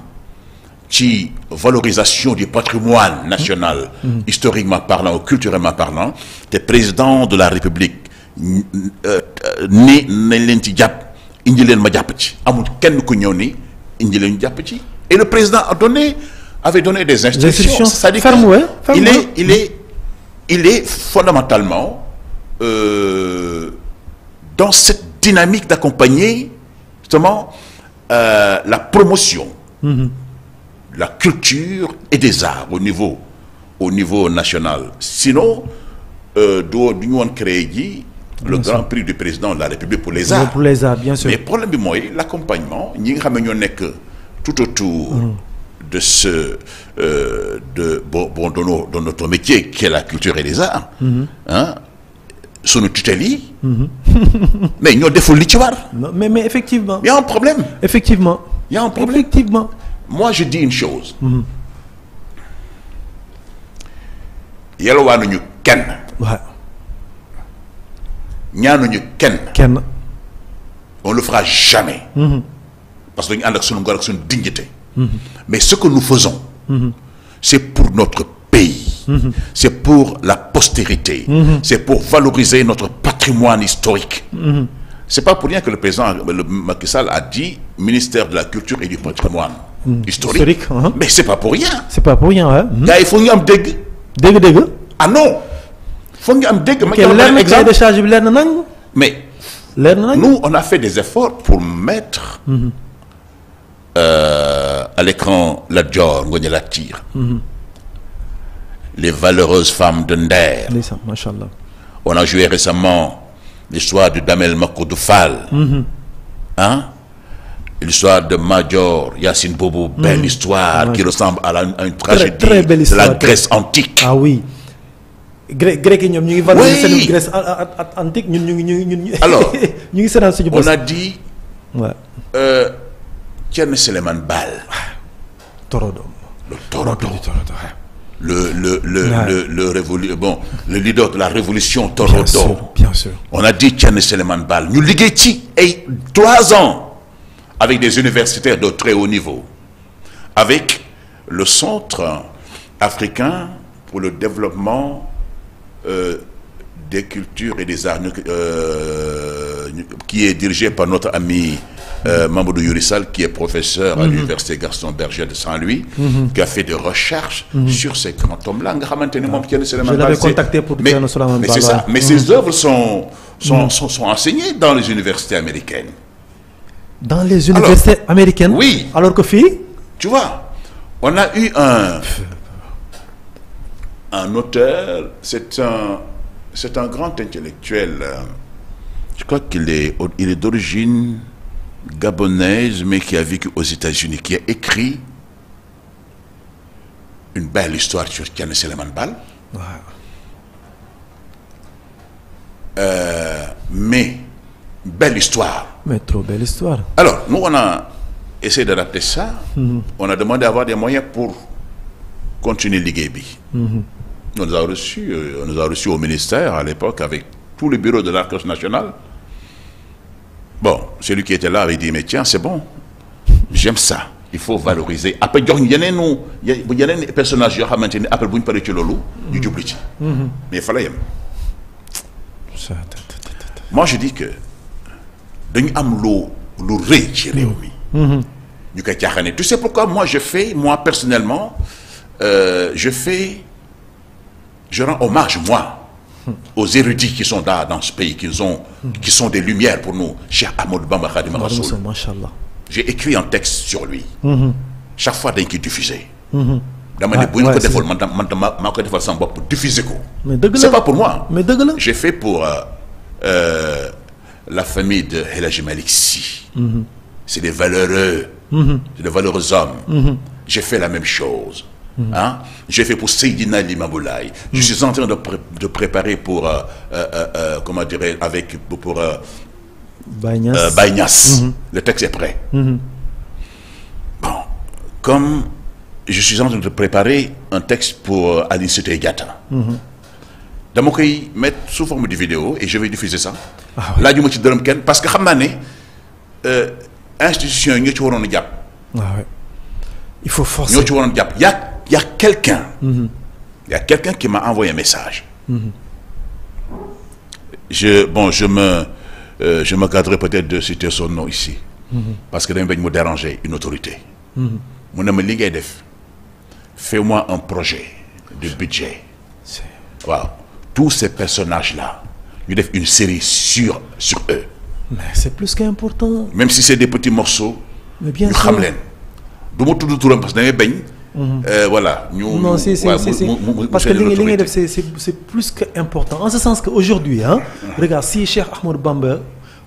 ci valorisation du patrimoine national. historiquement parlant ou culturellement parlant te président de la république ni euh, euh, nañ leen ci jàpp. indi leen ma jàpp ci amul kenn ku ñëw ni indi leen ñu jàpp ci et le président a donné avait donné des instructions c'est-à-dire ferme, ouais, ferme, il est il est il est fondamentalement euh, dans cette dynamique d'accompagner justement euh, la promotion mm-hmm. de la culture et des arts au niveau au niveau national sinon euh, du ñu woon ji le bien grand sûr. prix du président de la République pour les arts. pour les arts mais problème bi mooy l'accompagnement ñi nga xam ne ñoo nekk tout autour mm. de ce euh, de bon bon de, nos, notre métier qui la culture et les arts. ah sunu tutelle yi. Mm-hmm. mais ñoo deful li ci war. mais mais effectivement. y a un problème. effectivement. y a un problème je dis une chose. Mm-hmm. yalwaanuñu kenn. waaw. ñaanuñu kenn. kenn. on le fera jamais. Mm-hmm. parce que dañu ànd ak suñu ngor ak dignité. Mm-hmm. mais ce que nous faisons. Mm-hmm. c'est pour notre pays. c'est pour la postérité. c'est pour valoriser notre patrimoine historique. c'est pas pour rien que le président le a dit ministère de la culture et du patrimoine historique, historique mais c'est pas pour rien. c'est pas pour rien hein. gars yi foog ñu am dégg. dégg ah non. foog ñu am dégg. bi leer na nañ. mais nous on a fait des efforts pour mettre. Mm -hmm. euh, à l'écran Lat Dior Ngoné Latyr. Mhm. les valeureuses femmes de Nder. ndeysaan macha allah. on a joué récemment l'histoire de Damel Makoudou mhm. l'histoire de Major Yacine Bobo. Mhm. belle histoire qui ressemble à une tragédie. la Grèce antique. Ah grec grec yi ñoom ñu ngi valoriser seen Grèce antique ñun ñu ngi ñu ngi ñun. alors ñu ngi seetaan suñu bopp on a dit. waaw. Euh, Thierno Souleymane Baal. Ah, Torodo. le Torodo le le le ouais. le le révolu bon le leader de la révolution Torodo. bien sûr bien sûr. on a dit Thierno Souleymane Baal ñu liggéey ci ay trois ans avec des universitaires de très haut niveau avec le centre africain pour le développement. euh, des cultures et des arts euh, qui est dirigé par notre ami euh, Mamadou Yurissal qui est professeur mm -hmm. à mm-hmm. l'université Gaston Berger de Saint-Louis mm -hmm. qui a fait des recherches mm -hmm. sur ces tomes là nga xamante ni moom kenn je l'avais contacté pour mais, mais c'est ça mais ces mm-hmm. œuvres sont sont, mm-hmm. sont sont enseignées dans les universités américaines dans les universités alors, américaines oui alors que fii tu vois on a eu un un auteur, c'est un, c'est un grand intellectuel. Je crois qu'il est, il est d'origine gabonaise, mais qui a vécu aux États-Unis, qui a écrit une belle histoire sur Tiane Seleman Bal. Wow. Euh, mais, belle histoire. Mais trop belle histoire. Alors, nous, on a essayé d'adapter ça. Mm-hmm. On a demandé avoir des moyens pour continuer l'IGB. On nous a reçus, euh, on nous a reçus au ministère à l'époque avec tous les bureaux de l'Arcos national. Bon, celui qui était là avait dit, mais tiens, c'est bon, j'aime ça. il faut valoriser après jox ñu yeneen nu yeneen personnage yoo xamante ni après bu ñu paree ci loolu. ñu ci. Mm-hmm. mais fa la yem. moi je dañu am lu lu rëy ci réew mi. Mm-hmm. ñu koy caaxaane tu sais pourquoi moi je fais moi personnellement euh, je fais. je rends hommage, moi, aux érudits qui sont là dans ce pays, qui sont, qui sont des lumières pour nous. Cheikh Ahmadou Bamba Khadim Rassoul. J'ai écrit un texte sur lui. Mhm. chaque fois dañ koy diffuser. Mhm. dama ne ah, bu ñu ko defal man man maa maa ko defal sama bopp diffuser ko. mais dëgg la c'est pas pour moi. mais dëgg la j'ai fait pour euh, euh, la famille de El Hadji Malick Sy. Mhm. c'est des valeureux. c'est des valeureux hommes. j'ai fait la même chose. ah j'ai fait pour Seydina Limamou Laye je mm-hmm. suis en train de pré de préparer pour euh, euh, euh, comment dirais avec pour Baye mm-hmm. le texte est prêt comme je suis en de préparer un texte pour Aline Sitoé Diatta dama koy mettre sous forme de vidéo et je vais diffuser ça ah laajuma ci dërëm kenn parce que xam naa ne institution yi ñoo ci waroon a jàpp ah il faut forcer ci waroon jàpp yàgg y a quelqu'un mm -hmm. y a quelqu'un qui m'a envoyé un message je bon je me euh, je me garderai peut de citer son nom ici parce que dañu bañ mu déranger une autorité mu ne ma li ngay def fais-moi un projet de budget waaw tous ces personnages là ñu def une série sur sur eux mais c'est plus qu'important même si c'est des petits morceaux mais bien sûr ñu xam leen du ma tudd turam parce que da ngay Mhm. Euh, voilà ñu. non si si si si parce que li nga li nga def c'est c'est plus que important en ce sens que aujourd'hui hein regarde si Cheikh Ahmadou Bamba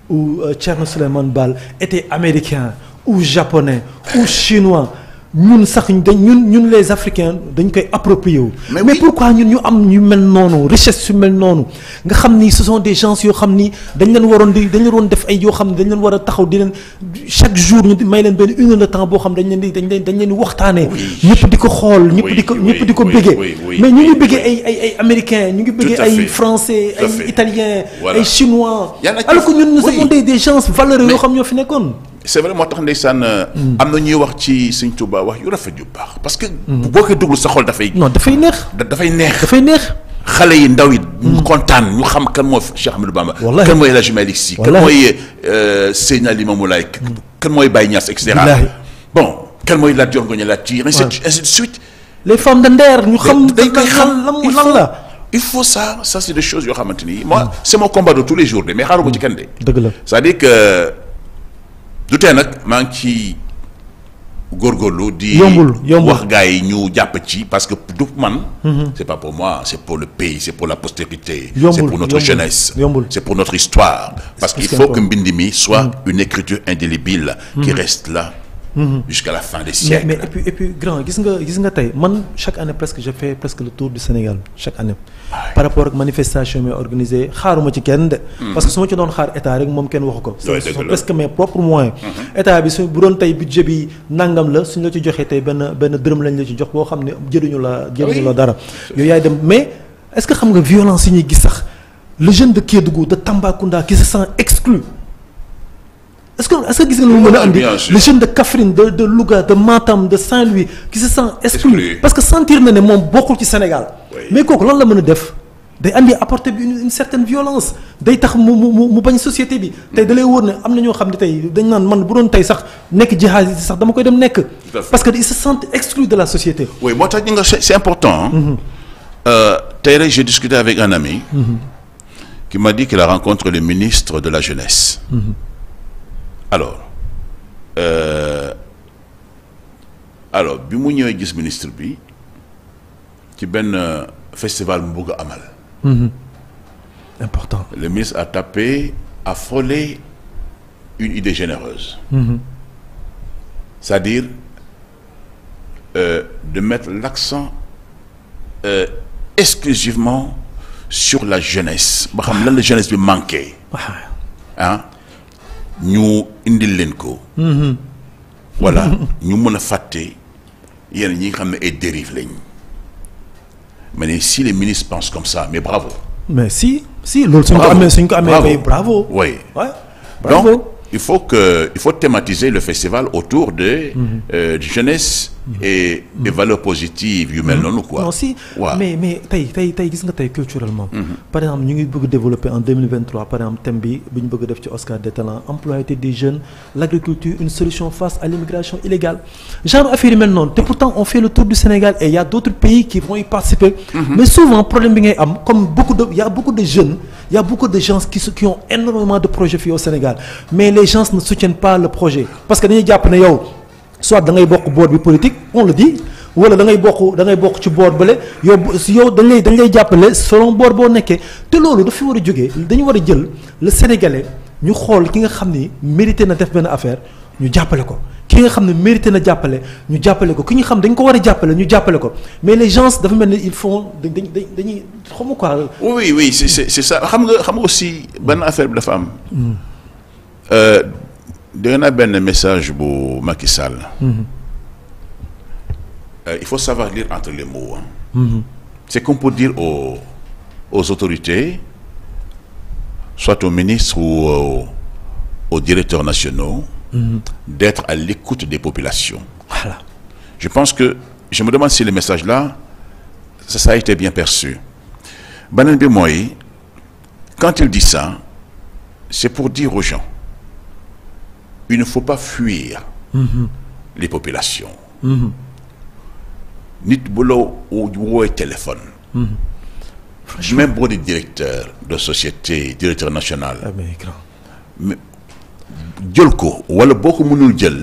ou euh, Thierno Souleymane Baal étaient américains ou japonais ou chinois. ñun sax dañ ñun ñun les africains dañ koy approprier wu. mais, mais pourquoi ñun ñu am ñu mel noonu richesse yu mel noonu nga xam ni ce sont des gens yoo xam ni dañ leen waroon di dañ leen def ay yoo xam ne dañ leen war a taxaw di leen chaque jour ñu may leen benn une heure de temps boo xam dañ leen di dañ leen dañ leen di waxtaanee. ñëpp di ko xool ñëpp di ko ñëpp di ko bëggee. mais ñu ngi bëggee ay ay ay américains ñu ngi bëggee ay français ay italiens ay chinois. alors que ñun des des gens valeureux yoo xam ñoo fi nekkoon. c'est vrai moo tax ndeysaan. Euh, am na ñuy wax ci Sëñ Tuubaa wax yu rafet yu baax parce que. boo koy déglu sa xol dafay. non dafay neex. dafay neex dafay neex. xale yi ndaw yi. Mm. ñu kontaan ñu xam kan moo Cheikh Ahmadou Bamba. kan mooy El Hadj Malick Sy. kan mooy euh, Seydina Limamou Laye. Mm. kan mooy bon kan mooy Lat Dior Ngoné Latyr. waaw ainsi de suite. les femmes de Nder ñu xam. dañ koy xam lan la il faut ça ça c'est des choses yoo xamante ni moo mm. c'est mon combat de tous les jours de mais xaaruma ci kenn de. c'est-à-dire que. du tee nag maa ngi ci góorgóorlu di wax gars yi ñu jàpp ci parce que du man mm-hmm. c'est pas pour moi c'est pour le pays c'est pour la postérité c'est pour notre jeunesse c'est pour notre histoire parce qu'il faut que mbind mi soit mm-hmm. une écriture indélébile qui mm-hmm. reste là Mm-hmm. jusqu'à la fin des siècles. mais mais et puis grand gis nga gis nga tey man chaque année presque je fais presque le tour du Sénégal chaque année. par rapport ak manifestation yi organisé xaaruma ci kenn de. Mm-hmm. parce que su ma ci doon xaar état rek moom kenn waxu ko. ce sont presque mes propres moyens. Mm-hmm. état bi su bu doon tey budget bi nangam la suñ la joxee tey benn benn dërëm lañ la ci jox boo xam ne jëriñu la jëriñu la dara. yooyu yaay dem mais est-ce que xam nga violence yi ñuy gis sax le jeune de Kédougou de Tambacounda qui se sent exclu. est-ce que est-ce que gis nga lu mën a andi les jeunes de Kaffrine de de de Matam de Saint-Louis qui se sent exclu parce que sentir na ne moom bokkul ci Sénégal mais kooku lan la mën a def day andi apporter bi une certaine violence day tax mu mu mu bañ société bi tey da lay wóor ne am na ñoo xam ne tey dañ naan man bu doon tey sax nekk jihaad yi sax dama koy dem nekk parce que ils se sentent exclus de la société oui moo tax ñu nga c'est important mm-hmm. euh, tey rek j'ai discuté avec un ami mm-hmm. qui de la jeunesse mm-hmm. alors euh, bi mu ñëwee gis ministre bi ci benn euh, festival mu bëgg a amal. Mhm. le ministre a tapé a frôlé une idée généreuse. Mmh. c'est-à-dire euh, de mettre l'accent euh, exclusivement sur la jeunesse. ba xam ah. lan la jeunesse bi manqué. Ah. ñu indi leen ko. Mm-hmm. voilà ñu mën a fàtte yenn ñi nga xam ne ay dérives lañ. mais ne si les ministres pensent comme ça mais bravo. mais si si loolu suñ ko amee suñ ko bravo. oui donc il faut que il faut thématiser le festival autour de. Mm-hmm. Euh, de jeunesse. et des mm-hmm. valeurs positives yu mel mm-hmm. noonu quoi. non si waaw mais mais tey tey tey gis nga tey culturellement. Mm-hmm. par exemple ñu ngi bëgg développer en par exemple thème bi bu ñu bëgg def ci Oscar des talents employabilité des jeunes l'agriculture une solution face à l'immigration illégale genre affaire yu mel noonu te pourtant on fait le tour du Sénégal et il d'autres pays qui vont y participer. mais souvent problème bi ngay am comme beaucoup de il y a beaucoup de jeunes il beaucoup de jàpp ne yow. soit da ngay bokk boor bi politique on le di wala da ngay bokk da bokk ci boor bële yow yow dañ lay dañ lay jàppale selon boor boo nekkee te loolu dafa war a jógee dañu war a jël le sénégalais ñu xool ki nga xam ni mérité na def benn affaire ñu jàppale ko ki nga xam ne mérité na jàppale ñu jàppale ko ki ñu xam dañ ko war a jàppale ñu jàppale ko mais les gens dafa mel ni ils font dañ dañuy xamu quoi. oui oui c'est c'est ça xam nga xam nga aussi benn affaire bi dafa am. Hmm. Euh, dégg na benn message bu Macky Sall. Mhm. Euh, il faut savoir lire entre les mots. Mmh. c'est comme pour dire aux autorités soit aux ministres ou aux, directeurs nationaux. Mhm. d'être à l'écoute des populations. je pense que je me demande si le message là ça, ça été bien perçu. beneen bi mooy quand il dit ça c'est pour dire aux gens. il ne faut pas fuir mm-hmm. les populations mm-hmm. nit bu la wooy téléphone mm-hmm. même boo di directeur de société directeur national ah, jël ko wala boo ko mënul jël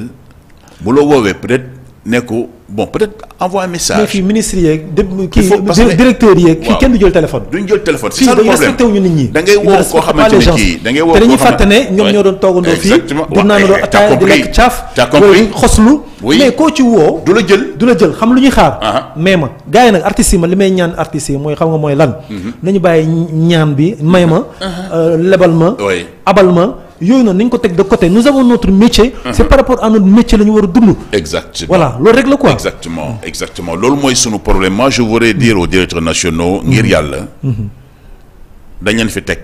bu la woowee peut ne ko bon peut-être envoie un message. mais fii ministre yeeg kii directeur yeeg. waaw fii kenn du jël téléphone. duñ jël téléphone c'est ça le problème fii dañuy respecté wuñu nit ñi. da ngay woo koo xamante ne kii da te dañuy fàtte ñoom ñoo doon toogandoo fii. exactement waaw ay ay di lekk caaf. t'as compris xoslu. mais koo ci woo. du la jël du la jël xam lu ñuy xaar. Ah ah. mais ma gars yi nag artistes yi ma li may ñaan artistes yi mooy xam nga mooy lan. Mm-hmm. nañu bàyyi ñaan bi may ma. Mm-hmm. Euh, lebal ma abal ma yooyu noonu nañ ko teg de côté nous avons notre métier. Mhm. c' est par rapport à notre métier la ñu war a dund. exactement loolu exactement loolu mooy sunu problème moi je voudrais mhm. dire aux directeurs nationaux. ngir mhm. yàlla. dañ leen fi teg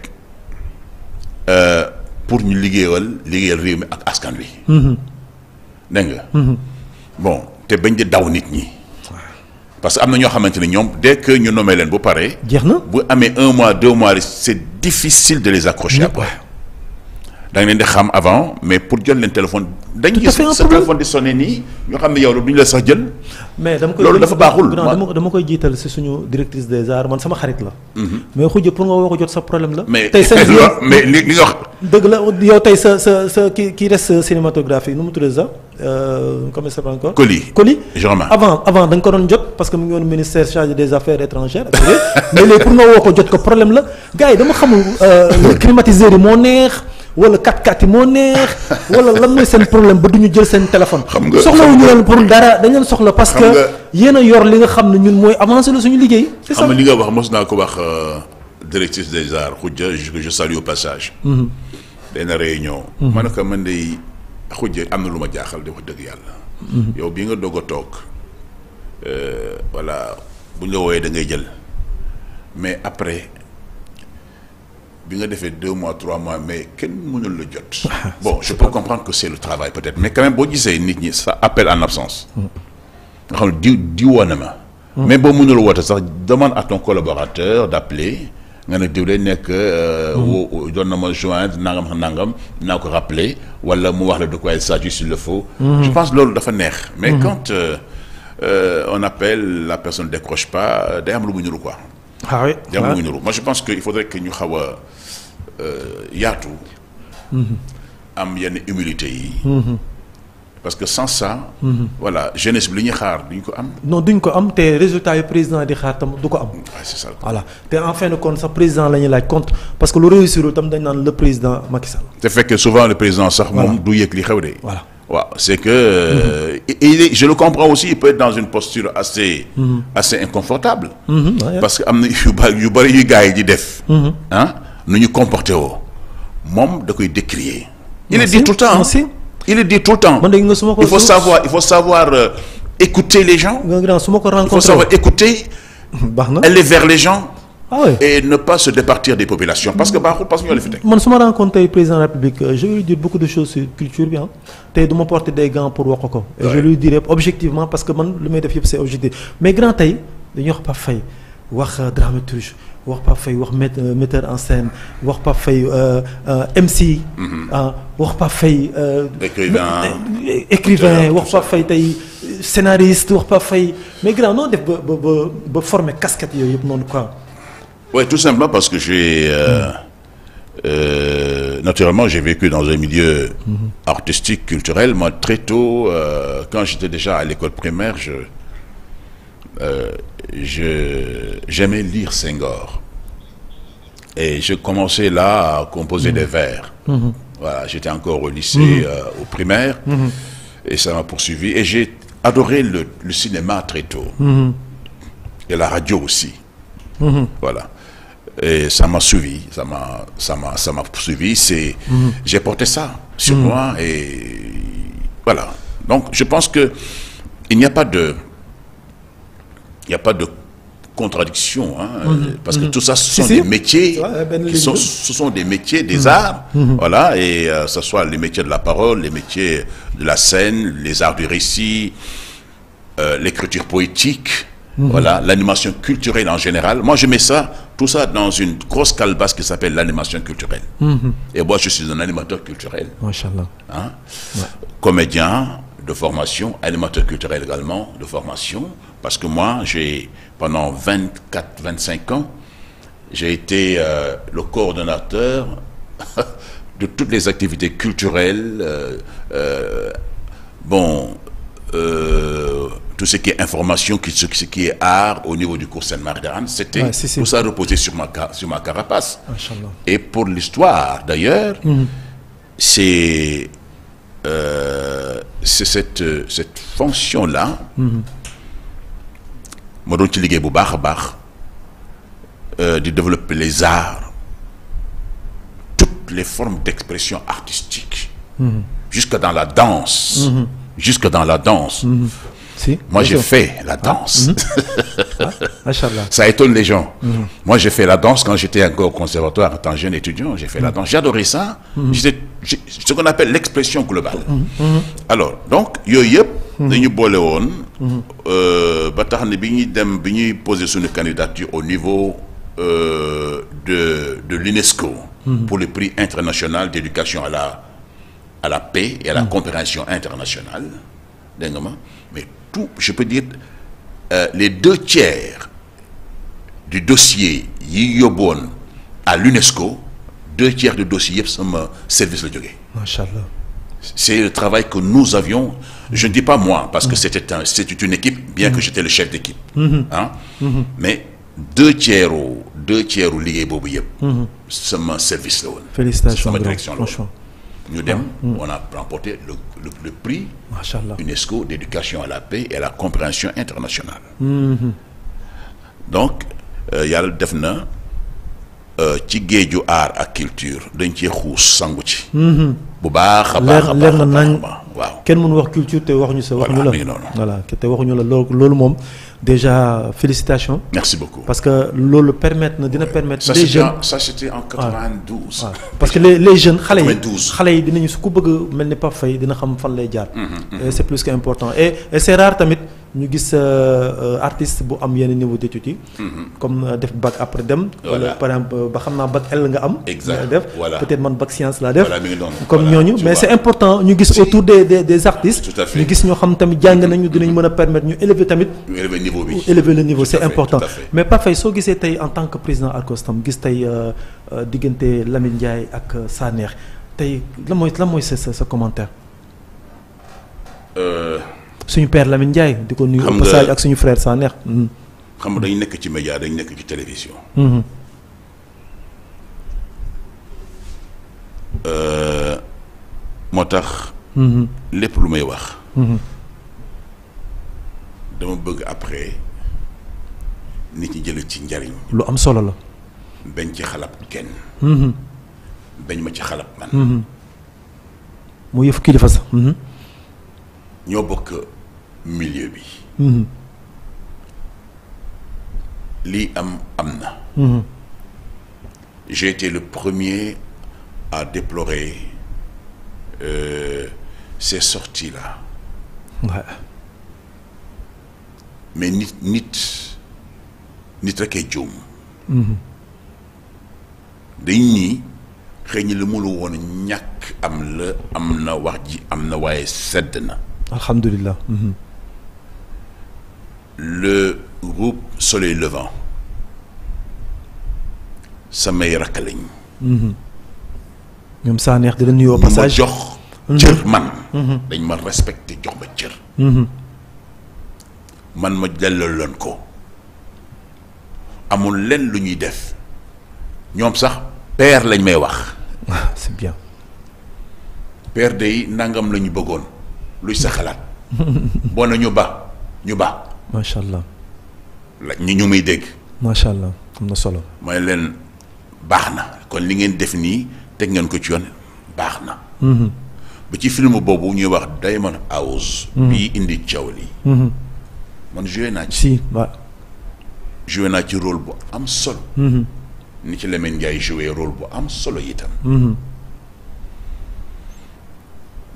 euh, pour ñu liggéeyal liggéeyal réew mi ak askan wi. dégg nga. bon te bañ di daw nit ñi. parce que am na ñoo xamante ni ñoom de que ñu nommé leen bu paree. jeex na bu amee un mois deux mois c' est difficile de les accrocher après. da leen di xam avant mais pour jël leen téléphone. dañ gis sa téléphone di sonné nii ñu xam ne yow la du ñu la sax jël. mais dama koy loolu dafa baaxul. dama koy jiital si suñu directrice des arts man sama xarit la. Mhm. mais xuj pour nga woo ko jot sa problème la. tey mais li li nga wax. dëgg la tey sa sa sa kii kii des cinématographie nu mu tuddee sax euh, comment il avant avant da ko doon jot parce que mu ngi woon ministère chargé des affaires étrangères ak mais léegi pour nga woo ko jot ko problème la gars yi dama xamul euh, climatiseur yi moo neex. wala 4x4 yi moo neex wala lan mooy seen problème ba ñu jël seen téléphone. xam nga soxlawuñu leen pour dara dañ leen soxla. parce que yéen a yor li nga xam ne ñun mooy avancé la suñu liggéey. xam nga li nga wax mos naa ko wax euh, directrice des arts Khoudia je salue au passage. Mhm. benn réunion. Mhm. ma ne ko man de Khoudia am na lu ma jaaxal di dëgg yàlla. Mhm. yow bi nga doog a toog euh, voilà bu ñu la wooyee da ngay jël mais après. bi nga defee deux mois trois mois mais kenn mënul la jot. bon je peux comprendre que c'est le travail peut-être mais quand même boo gisee nit ñi ça appelle en absence. Mm. nga xam ne di di woon ma. Mm. mais boo mënul woote sax demande à ton collaborateur d'appeler nga ne diw day nekk. Euh, mm. woo doon na ma joindre nangam xam nangam naa ko rappeler wala mu wax la de quoi il s'agit s'il le faut. je pense loolu dafa neex. mais quand euh, euh, on appelle la personne décroche pas euh, day am lu mu niru quoi. ah que il ñu xaw a. Euh, yaatu. am yenn humilité yi. parce que sans ça. voilà jeunesse bi li ñuy xaar duñ ko am. non duñ ko am te résultat yu président di xaar tam du ko am. c'est ça voilà te en fin de compte sax président la ñuy laaj compte parce que lu réussir tam dañ naan le président Macky Sall. te fekkee souvent le président sax. moom du yëg li xew de. voilà waaw c'est que. Euh, je le comprends aussi il peut être dans une posture assez. Mhm. inconfortable mhm, parce que am na yu bari yu bari yu nu ñu comporté woo moom da koy décrier. il le dit tout le temps merci il le dit tout le temps. man nga su ma ko savoir euh, écouter les gens. su ma ko rencontré il faut savoir écouter. baax na aller vers les gens. ah oui. et ne pas se départir des populations parce que baaxul parce que ñoo la fi teg. man su ma rencontré président de la République euh, je vais lui dire beaucoup de choses sur culture bi ah du ma porter des gants pour wax ko. je lui dirai parce que man lu may def yëpp c'est objectif mais grand tey dañuy wax Pape Faye wax euh, dramaturge wax Pape Faye wax euh, metteur en scène wax Pape Faye euh, euh, MC. Mhm. Ah, wax Pape Faye. écrivain écrivain wax Pape Faye tey scénariste wax Pape Faye mais grand noo def ba ba ba former casquette yooyu yëpp noonu quoi. oui tout simplement parce que j'ai euh, hmm. euh, naturellement j'ai vécu dans un milieu hmm. artistique culturel moi très tôt euh, quand j'étais déjà à l'école primaire je euh, je j'aimais lire Senghor et je commençais là à composer mmh. des vers. Mmh. Voilà, j'étais encore au lycée, mhm. euh, au primaire, mhm. et ça m'a poursuivi. Et j'ai adoré le, le cinéma très tôt. Et la radio aussi. Voilà. Et ça m'a suivi, ça m'a ça m'a ça m'a suivi, c'est j'ai porté ça sur moi et voilà. Donc je pense que il n'y a pas de il n'y a pas de contradiction hein, mmh. parce que mhm. tout ça ce sont si, des si. métiers ouais, ben, qui sont, ce sont des métiers des mhm. arts mhm. voilà et euh, ce soit les métiers de la parole les métiers de la scène les arts du récit euh, l'écriture poétique voilà, l'animation culturelle en général. Moi, je mets ça, tout ça dans une grosse calebasse qui s'appelle l'animation culturelle. Mm -hmm. Et moi, je suis un animateur culturel. Machallah. Hein? Ouais. Comédien de formation, animateur culturel également de formation. Parce que moi, j'ai, pendant 24, 25 ans, j'ai été euh, le coordonnateur de toutes les activités culturelles, euh, euh, bon, euh, tout ce qui est information, ce qui est art au niveau du cours Seine-Marie c'était ouais, tout ça reposait sur ma, sur ma carapace. Inchallah. Et pour l'histoire, d'ailleurs, mm -hmm. c'est cette, cette fonction-là mm -hmm ma doon ci liggéey bu baax a baax euh, di développer les arts toutes les formes d'expression artistique mmh. jusque dans la danse mmh. jusque dans la danse mm-hmm. si moi j'ai fait ah, la danse mm-hmm. ah, machallah ça étonne les gens mm-hmm. moi j'ai fait la danse quand j'étais encore au conservatoire en tant jeune étudiant j'ai fait la danse j'adorais ça j'étais ce qu'on appelle l'expression globale alors donc yooyu yëpp dañu boole woon euh, ba tax ne bi ñuy dem bi ñuy poser suñu candidature au niveau euh, de de l'UNESCO pour le prix international d'éducation à la à la paix et à la coopération internationale dégg nga ma tout je euh, les deux tiers du dossier yi yóbboon à l'UNESCO deux tiers de dossiers yëpp sama service la jógee. macha allah. c'est le travail que nous avions je ne dis pas moi parce que mm-hmm. c'était une équipe bien que mm-hmm. j'étais le chef d'équipe mm-hmm. mais deux tiers u deux tiers u liggéey service la woon félicitations sama on a remporté le prix UNESCO d'éducation à la paix et à la compréhension internationale donc euh, yàlla def na Euh, ci géeju art ak culture dañ cee xuus sangu ci. Mhm. bu baax a baax a baax leer na nañ waaw kenn mënu wax culture te waxuñu sa. waxuñu la voilà te waxuñu la loolu moom déjà félicitations. merci beaucoup parce que loolu permettre na dina permettre. les jeunes ça c'était en 92. parce que les les jeunes xale yi xale yi dinañu su ku bëgg mel ni Pape Faye dina xam fan lay jaar. Mhm, mhm. c'est plus que important et c'est rare tamit. ñu gis euh, euh, artiste bu am yenn niveau de yi. Mhm. comme euh, def bac après dem. wala par exemple ba xam naa bac L nga am. exact def peut-être man bac science laa def. comme ñooñu mais c'est important ñu gis autour des des des artistes. ñu gis ñoo xam tamit jàng nañu mhm. dinañ mën a permettre ñu élever tamit. ñu élever niveau bi élever niveau c'est important. mais parfait soo gisee tey en tant que président Arcos tam gis tey diggante Lamine Ndiaye ak Sanex tey lan mooy la mooy sa sa commentaire. suñu père Lamine Ndiaye di ko nuyu au passage ak suñu frère neex hmm. xam nga dañ nekk ci média dañ nekk ci télévision hmm. euh, moo tax hmm. lépp lu may wax dama bëgg après nit ñi jële ci njariñ lu am solo la bañ ci xalab kenn bañ ma ci xalab man mu yëf kilifa sax ñoo bokk milieu bi. Mhm. lii am am na. Mhm. j'ai été le premier à déplorer euh, ces sorties là. mais nit nit nit rek ay mhm. dañ nii xëy na lu woon ñàkk am la am na wax ji am na waaye sedd na. alhamdulilah. le groupe Soleil Levant samay rakk lañ. Mhm. ñoom saa neex di la nuyoo passage jox. Mhm. cër man. Mhm. dañ ma respecté jox ma cër. man ma delloo loon ko amul lenn lu ñuy def ñoom sax père lañ may wax. waaw ah, c'est de yi nangam la ñu bëggoon luy sa xalaat. boo na ñu ba ñu ba. macha allah. la ñi ñu muy dégg. macha allah am na solo. mooy leen baax na kon li ngeen def nii te ngeen ko ci yoon baax na. Mm-hmm. bu ci film boobu ñuy wax Diamond House. Mm-hmm. bii indi coow lii. Mm-hmm. man joué naa ci. si waaw. naa ci rôle bu am solo. ni ci Lamine njaay joué rôle bu am solo itam.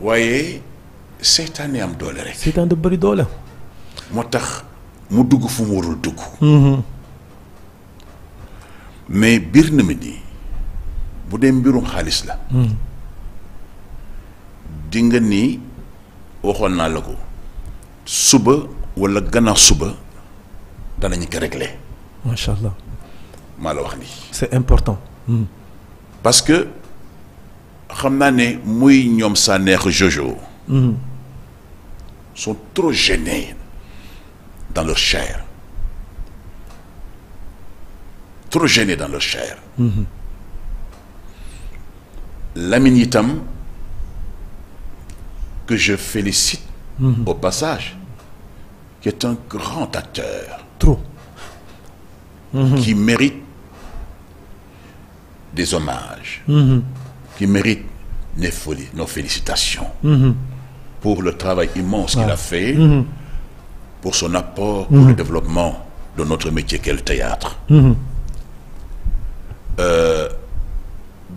waaye seetaan yi am doole rek. seetaan da bëri doole. moo tax mu dugg fu mu warul dugg mm-hmm. mais biir na mi nii bu dee mbirum xaalis la mm. di nga nii waxoon naa la ko suba wala gannaaw suba danañu ko régler macha allah maa la wax nii c'est important mm. parce que xam naa ne muy ñoom sa neex jojo mm-hmm. sont trop gênés dans leur chair trop que je félicite mhm. au passage qui est un grand acteur qui mhm. mérite des hommages mhm. qui mérite nos félicitations pour le travail immense ah. qu'il a fait pour son apport mhm. pour de notre métier qu'est théâtre mhm. euh,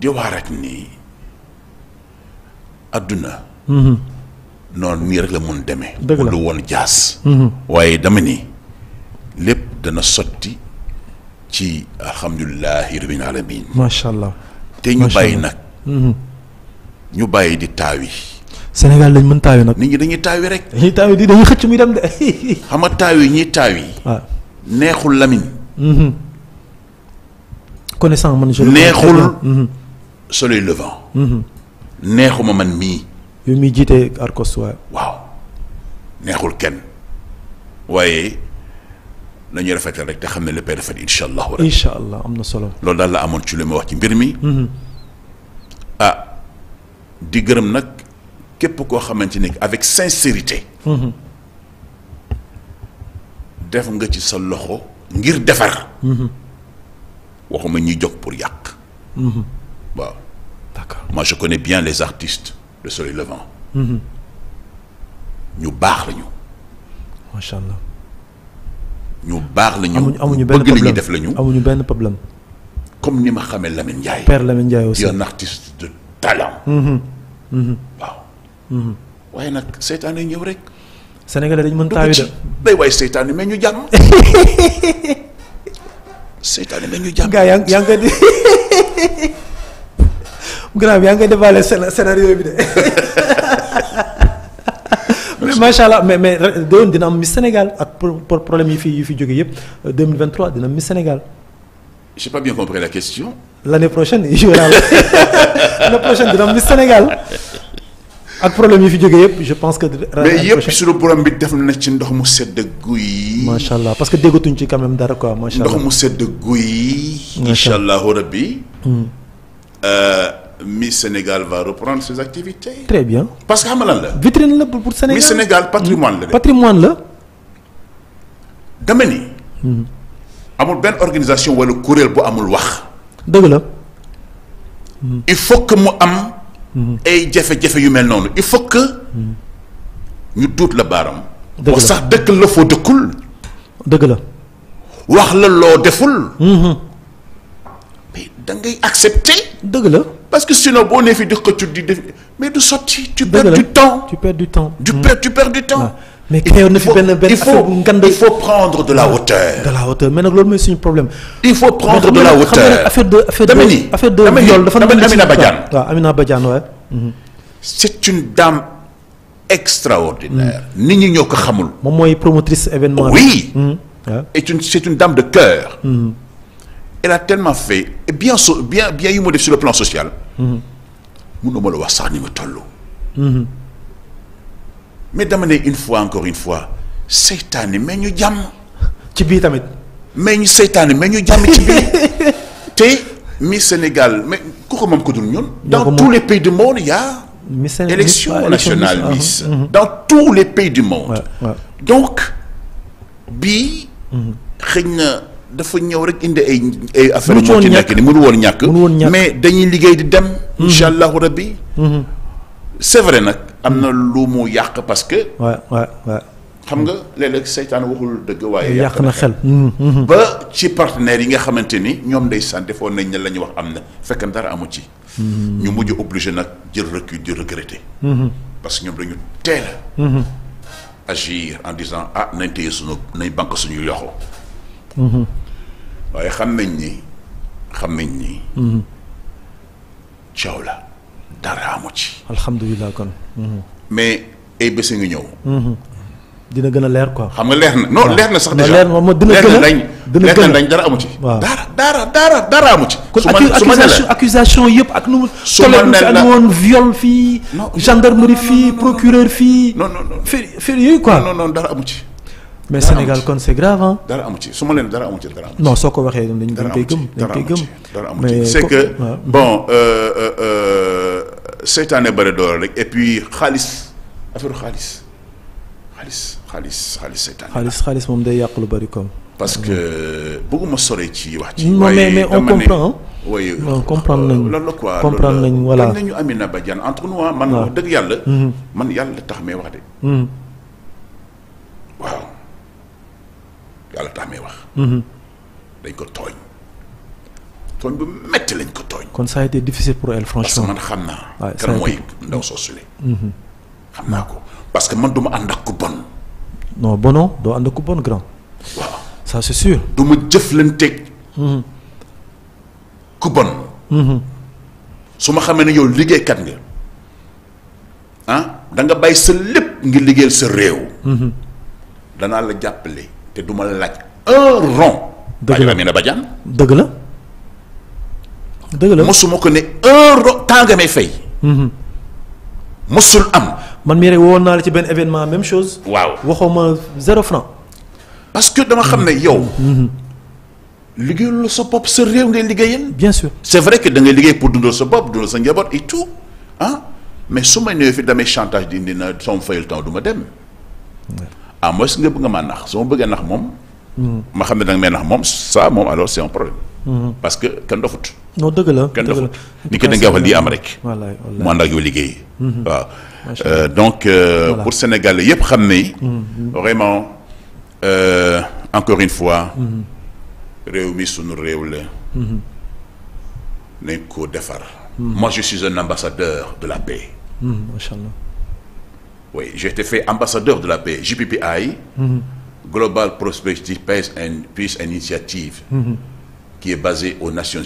di wax rek ni adduna mhm. noonu nii rek la mun demee lu woon jaas waaye dama ni lépp dana sotti ci alhamdulilahi rabbil alamin te ñu bàyyi nag ñu bàyyi di taawi Sénégal lañ mën taawi nag. nit ñi dañuy taawi rek. dañuy taawi di dañuy xëcc muy dem de. xam nga taawi ñiy taawi. waaw ah. neexul Lamine. Mm-hmm. connaissant man neexul. Mm-hmm. soleil levant. Mm-hmm. neexuma man mii. yow miy jiite Arcos waaw. waaw neexul kenn waaye. nañu rafetal rek te xam ne lépp rafet incha allah. allah am na solo. loolu daal la amoon ci li ma wax ci mbir mi. ah di gërëm nag képp koo xamante ni avec sincérité. Mhm. def nga ci sa loxo ngir defar. Mhm. waxuma ñuy jóg pour yàq. Mhm. waaw. d'accord moi je connais bien les artistes de Soleil ñu baax lañu. macha allah. ñu baax lañu. amuñu amuñu benn problème bëgg li ñuy def lañu. amuñu benn problème. comme ni ma xamee Lamine Ndiaye. père Lamine Ndiaye aussi un artiste de talent. waaw. waaye nag seytaane ñëw rek. Sénégalais dañ mën taawi de. day waay seytaane mais ñu jàmm. seytaane mais ñu jàmm. gaa yaa yaa ngi grave yaa ngi dévalé scénario bi de. mais macha allah mais mais doon dina am Miss Sénégal ak pro problème yi fi yi fi jóge yëpp 2023 euh, dina am Miss Sénégal. j'ai pas bien compris la question. l'année prochaine il y aura la prochaine dina am Miss Sénégal. ak problème yi fi jóge yëpp je pense que. mais yëpp suñu borom bi def na ci ndox mu sedd guy. macha allah parce que déggatuñ ci quand même dara quoi macha allah ndox mu sedd guy. incha allahu rabbi. Hmm. Euh, Miss Sénégal va reprendre ses activités. très bien parce que xam nga lan la. vitrine la pour Sénégal Miss Sénégal hmm. patrimoine la de. patrimoine hmm. amul benn organisation wala kuréel bu amul wax. dëgg la. il faut que mu am. ay jafe-jafe yu mel noonu il faut que ñu duut la baaram wax sax dëkk la foo dëkkul dëgg la wax la loo deful mm-hmm. mais da ngay accepter dëgg la parce que sinon boo nee fi di xëccu di def mais du sotti tu perds du temps tu perds du mm-hmm. per du du temps mais créé na fi benn benn affaire bu ngand il faut prendre de la hauteur. de la hauteur mais nag loolu mooy suñu problème. il faut prendre de la hauteur de affaire de affaire de viol dafa nekk Amina Badiane waaw Amina Badiane waaye. Mhm. c'est une dame extraordinaire. Mhm. nit ñi ñoo xamul. moom mooy promotrice événement oui. Mhm. et une c'est une dame de cœur. elle a tellement fait bien so bien bien yu ma sur le plan social. mënuma la wax sax ni ma toll. mais dama ne une fois encore une fois seytaane mais ñu jàmm. ci biir tamit. mais ñu seytaane mais ñu jàmm ci bii tey Miss Sénégal mais ku ko moom ko dul ñun. dans tous les pays du monde y a. Miss donc bii. Mhm. xëy na dafa ñëw rek indi ay ay affaire moo ci nekk ni mënu woon ñàkk mais dañuy liggéey di dem. Mhm. incha allahu rabbi. Mhm. c'est nag. am na lu mu yàq parce que. waaw waaw xam nga léeg-léeg seytaan waxul dëgg waaye. yàq na xel mm-hmm, mm-hmm. ba ci partenaires yi nga xamante ni ñoom ndeysaan defoon nañ ne wax am na fekk dara amu ci. Mm-hmm. ñu mujj obligé nag jël recul di regretter. parce que ñoom dañu teel a. agir en disant ah nañ téye suñu nañ banque suñu loxo. waaye xam nañ ni xam nañ ni. coow la dara. amu ci. alhamdulilah kon. Mhm. mais ay bés ngi ñëw. Mhm. dina gën a leer quoi. xam nga leer na non leer na sax. déjà leer na dina gën a leer na dañ leer na dañ dara amu ci. waaw dara dara dara dara amu ci. su ma su ma ne la accusation yëpp ak nu mu. soo ko waxee dañ koy gëm dañ koy gëm. dara amu ci dara amu ci c'est seytaane bëri doole rek et puis xaalis affaire xaalis xaalis xaalis xaalis seytaane. xaalis xaalis moom day yàq lu bari comme. parce que bëgguma sore ci wax ci. waaye mais on comprend waaye euh, comprendre euh, nañ loolu la quoi comprendre nañ voilà nañu Amina man wax dëgg mhm. yàlla. tax may wax de. Mhm. waaw yàlla tax may wax. Mhm. dañ ko tooñ. tooñ bu metti lañ ko tooñ. kon ça a été difficile pour elle franchement. parce que man xam naa. kan mooy mm-hmm. naa ko parce que man du ma ànd ak ku bon. non bono doo ànd ak ku bon grand. waaw ça c'est sûr. du ma mm-hmm. ku bon. Mm-hmm. su ma xamee ne yow liggéeykat nga ah da nga bàyyi sa lépp ngir liggéeyal sa réew. danaa la jàppale te du laaj un rond. dëgg la. dëgg la mosuma ko ne un ro temps nga may fay. Mhm. mosul am. man mii rek woon naa la ci benn événement même chose. waaw waxoo ma zéro franc. parce que dama xam ne yow. Mhm. Mhm. liggéeyul la sa bopp sa réew ngay liggéeyal. bien sûr c'est vrai que da ngay liggéey pour dundal sa bopp dundal sa njaboot et tout ah mais su ma ñëwee fi damay chantage di indi na soo ma fayal temps du ma dem. ah mooy su nga bëgg maa nax soo ma bëggee nax moom. ma xam ne danga may nax moom sa moom alors c'est problème. Mhm. parce que kenn dofut. non dëgg la kenn dofut ni que da nga am rek. mu ànd ak liggéey. Mhm. Euh, donc euh, pour Sénégal yëpp xam ni. Mhm. vraiment euh, encore une fois. réew mi sunu réew la. nañ moi je suis un ambassadeur de la paix. j'ai été fait ambassadeur de la paix GPPI. Global Prospective Peace and Initiative. qui est basé aux Nations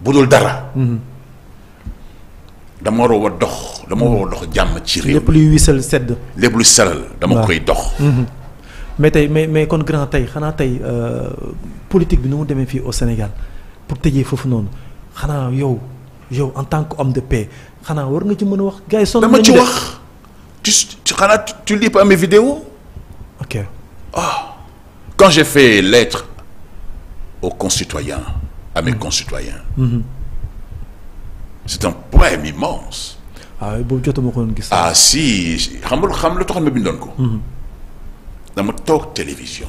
bu dul dara. Mhm. dama war a dox dama war a dox jàmm ci réew. lépp luy wisal sedd. lépp luy salal dama koy dox. Mhm. mais tey mais mais kon grand tey xanaa tey euh, politique bi nu mu demee fii au Sénégal pour tëjee foofu noonu xanaa yow yow en tant que homme de paix xanaa war nga ci a wax. gars yi sonn nañu dama ci wax. tu xanaa tu lis pas mes ok ah. quand j'ai fait lettre aux concitoyens, à mes mm. concitoyens. Mm-hmm. c'est un poème immense. ah boobu jotuma ko doon gis. ah si xam nga xam lu taxoon ma bindoon ko. Mm-hmm. dama toog télévision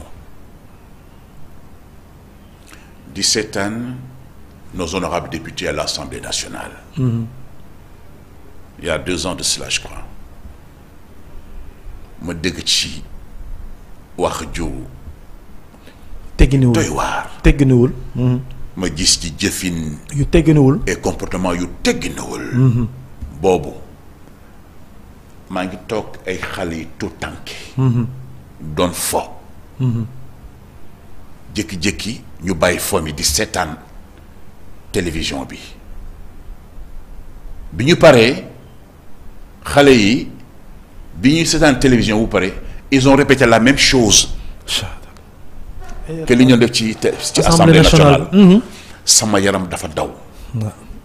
di seetaan nos honorables députés à l'Assemblée nationale. Mm-hmm. il y a deux ans de cela je crois ma dégg ci wax tegginiwul doy waar mm-hmm. ma gis ci jëfin. yu tegginiwul. et comportement yu tegginiwul. Mm-hmm. boobu maa ngi toog ay xale yu tout tànk mm-hmm. doon fo. jékki-jékki ñu bàyyi fo mi di seetaan télévision bi bi ñu paree xale yi bi ñuy seetaan télévision bu pare ils ont répété la même chose. que li ñu def ci ci assemblée nationale mm-hmm. sama yaram dafa daw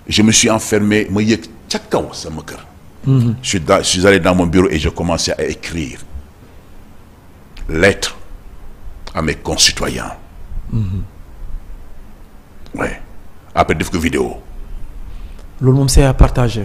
je me suis enfermé ma yëg ca kaw sama kër mm-hmm. je suis dans je dans mon bureau et j'ai commencé à écrire lettre à mes concitoyens mm-hmm. après def ko vidéo loolu moom c'est à partager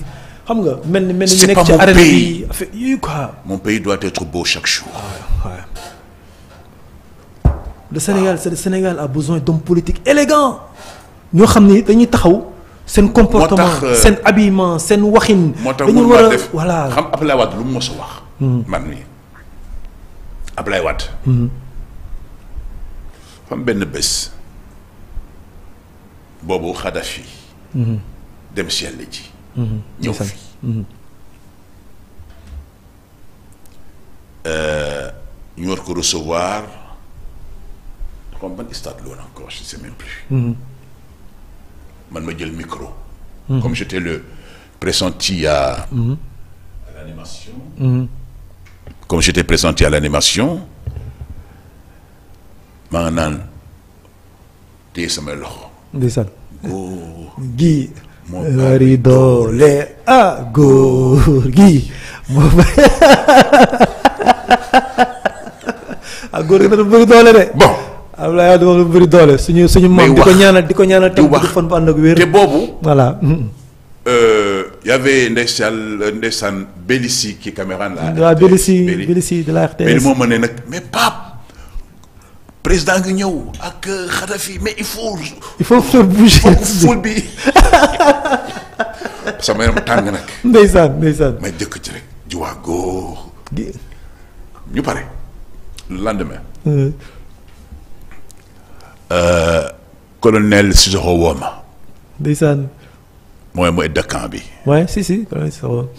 xam nga mel ni mel ni nekk ci arène bi yooyu quoi. mon pays doit être beau chaque jour. le Sénégal ah. le Sénégal a besoin d'hommes politiques élégants ñoo xam ni dañuy taxaw. seen comportement euh, seen habillement seen waxin. dañu war a def voilà xam Ablaye Wade lu mu mos wax. Hmm. man mii Ablaye Wade. Hmm. fam benn bés. boobu Xadafi. Hmm. dem si yàlla ji. ñëw mm-hmm. fi mm-hmm. euh, ñu war ko recevoir comme ban stade loolu encore je ne sais même plus mm-hmm. man ma jël micro comme j'étais le pressenti à à l'animation comme j'étais pressenti à l'animation maa nga naan téye samay loxo ndeysaan gii moo bari doole ah góor gi moo góor gi nag bëri doole de. bon Abdoulaye Wade moom bëri doole suñu suñu moom. di ko ñaanal di ko ñaanal teg di fan bu ànd ak wér. te boobu voilà. Euh, y avait ndeysaan ndeysaan Bélissi ki caméraman nag mais Pape. Euh, il faut. il faut que bouger foule bi. sama yaram tàng nag. ndeysaan ndeysaan. may jëkk ci rek jiwaa góor. ñu pare. lendemain. Euh, colonel Cissokho woo ma. ndeysaan. mooy mooy dëkkan bi. waaw si si colonel Cissokho.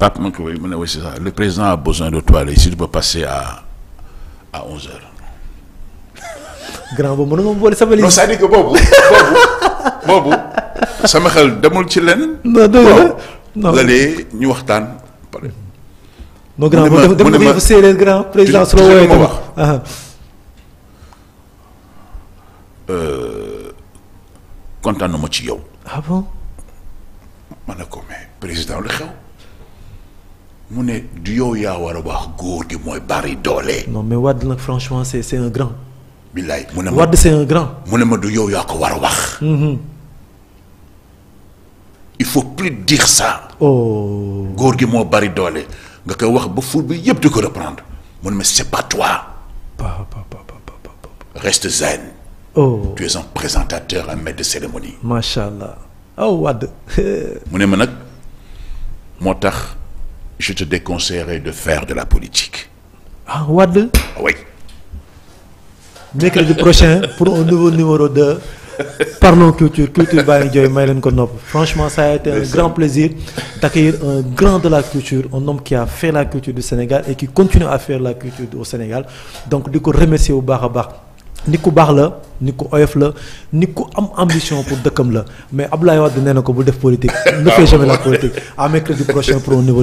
ko mu ne oui c'est ça le président a besoin de toi ici tu peux passer à à onze grand boobu mën nga ma boole sama lii. non cest à boobu. boobu sama xel demul ci leneen. non dëgg la non la dee ñu waxtaan pare. mu ne ma mu ne ma séeréer grand président su ma wooyee ma wax. Ah. Euh, kontaan na ma ci yow. ah bon. ma ne ko mais président lu xew. mu ne du yow yaa war a wax góor gi mooy bari doole. non mais Wade nag franchement c'est c'est un grand. billaay mu ne ma c'est un grand. mu ne ma du yow yaa ko war a wax. Mm-hmm. il faut plus dire ça. oh góor gi moo bari doole nga koy wax ba ful bi yëpp di ko reprendre mu ne ma c'est pas toi. pa pa pa pa reste zen. Oh. tu es un présentateur un maître de cérémonie. macha allah aw oh, Wade. mu ne ma nag moo tax je te déconseillerais de faire de la politique. ah Wade. mercredi prochain pour un nouveau numéro de Parlons Culture culture baa ngi jooy may leen ko nopp franchement ça a un grand plaisir d'accueillir un grand de la culture un homme qui a fait la culture du Sénégal et qui continue à faire la culture au Sénégal donc di ko remercier bu baax a baax ni ku baax la ni ku oyof la ni ku am ambition pour dëkkam la mais Abdoulaye Wade nee na ko bu def politique ah, ne fais jamais la politique à mercredi prochain pour un nouveau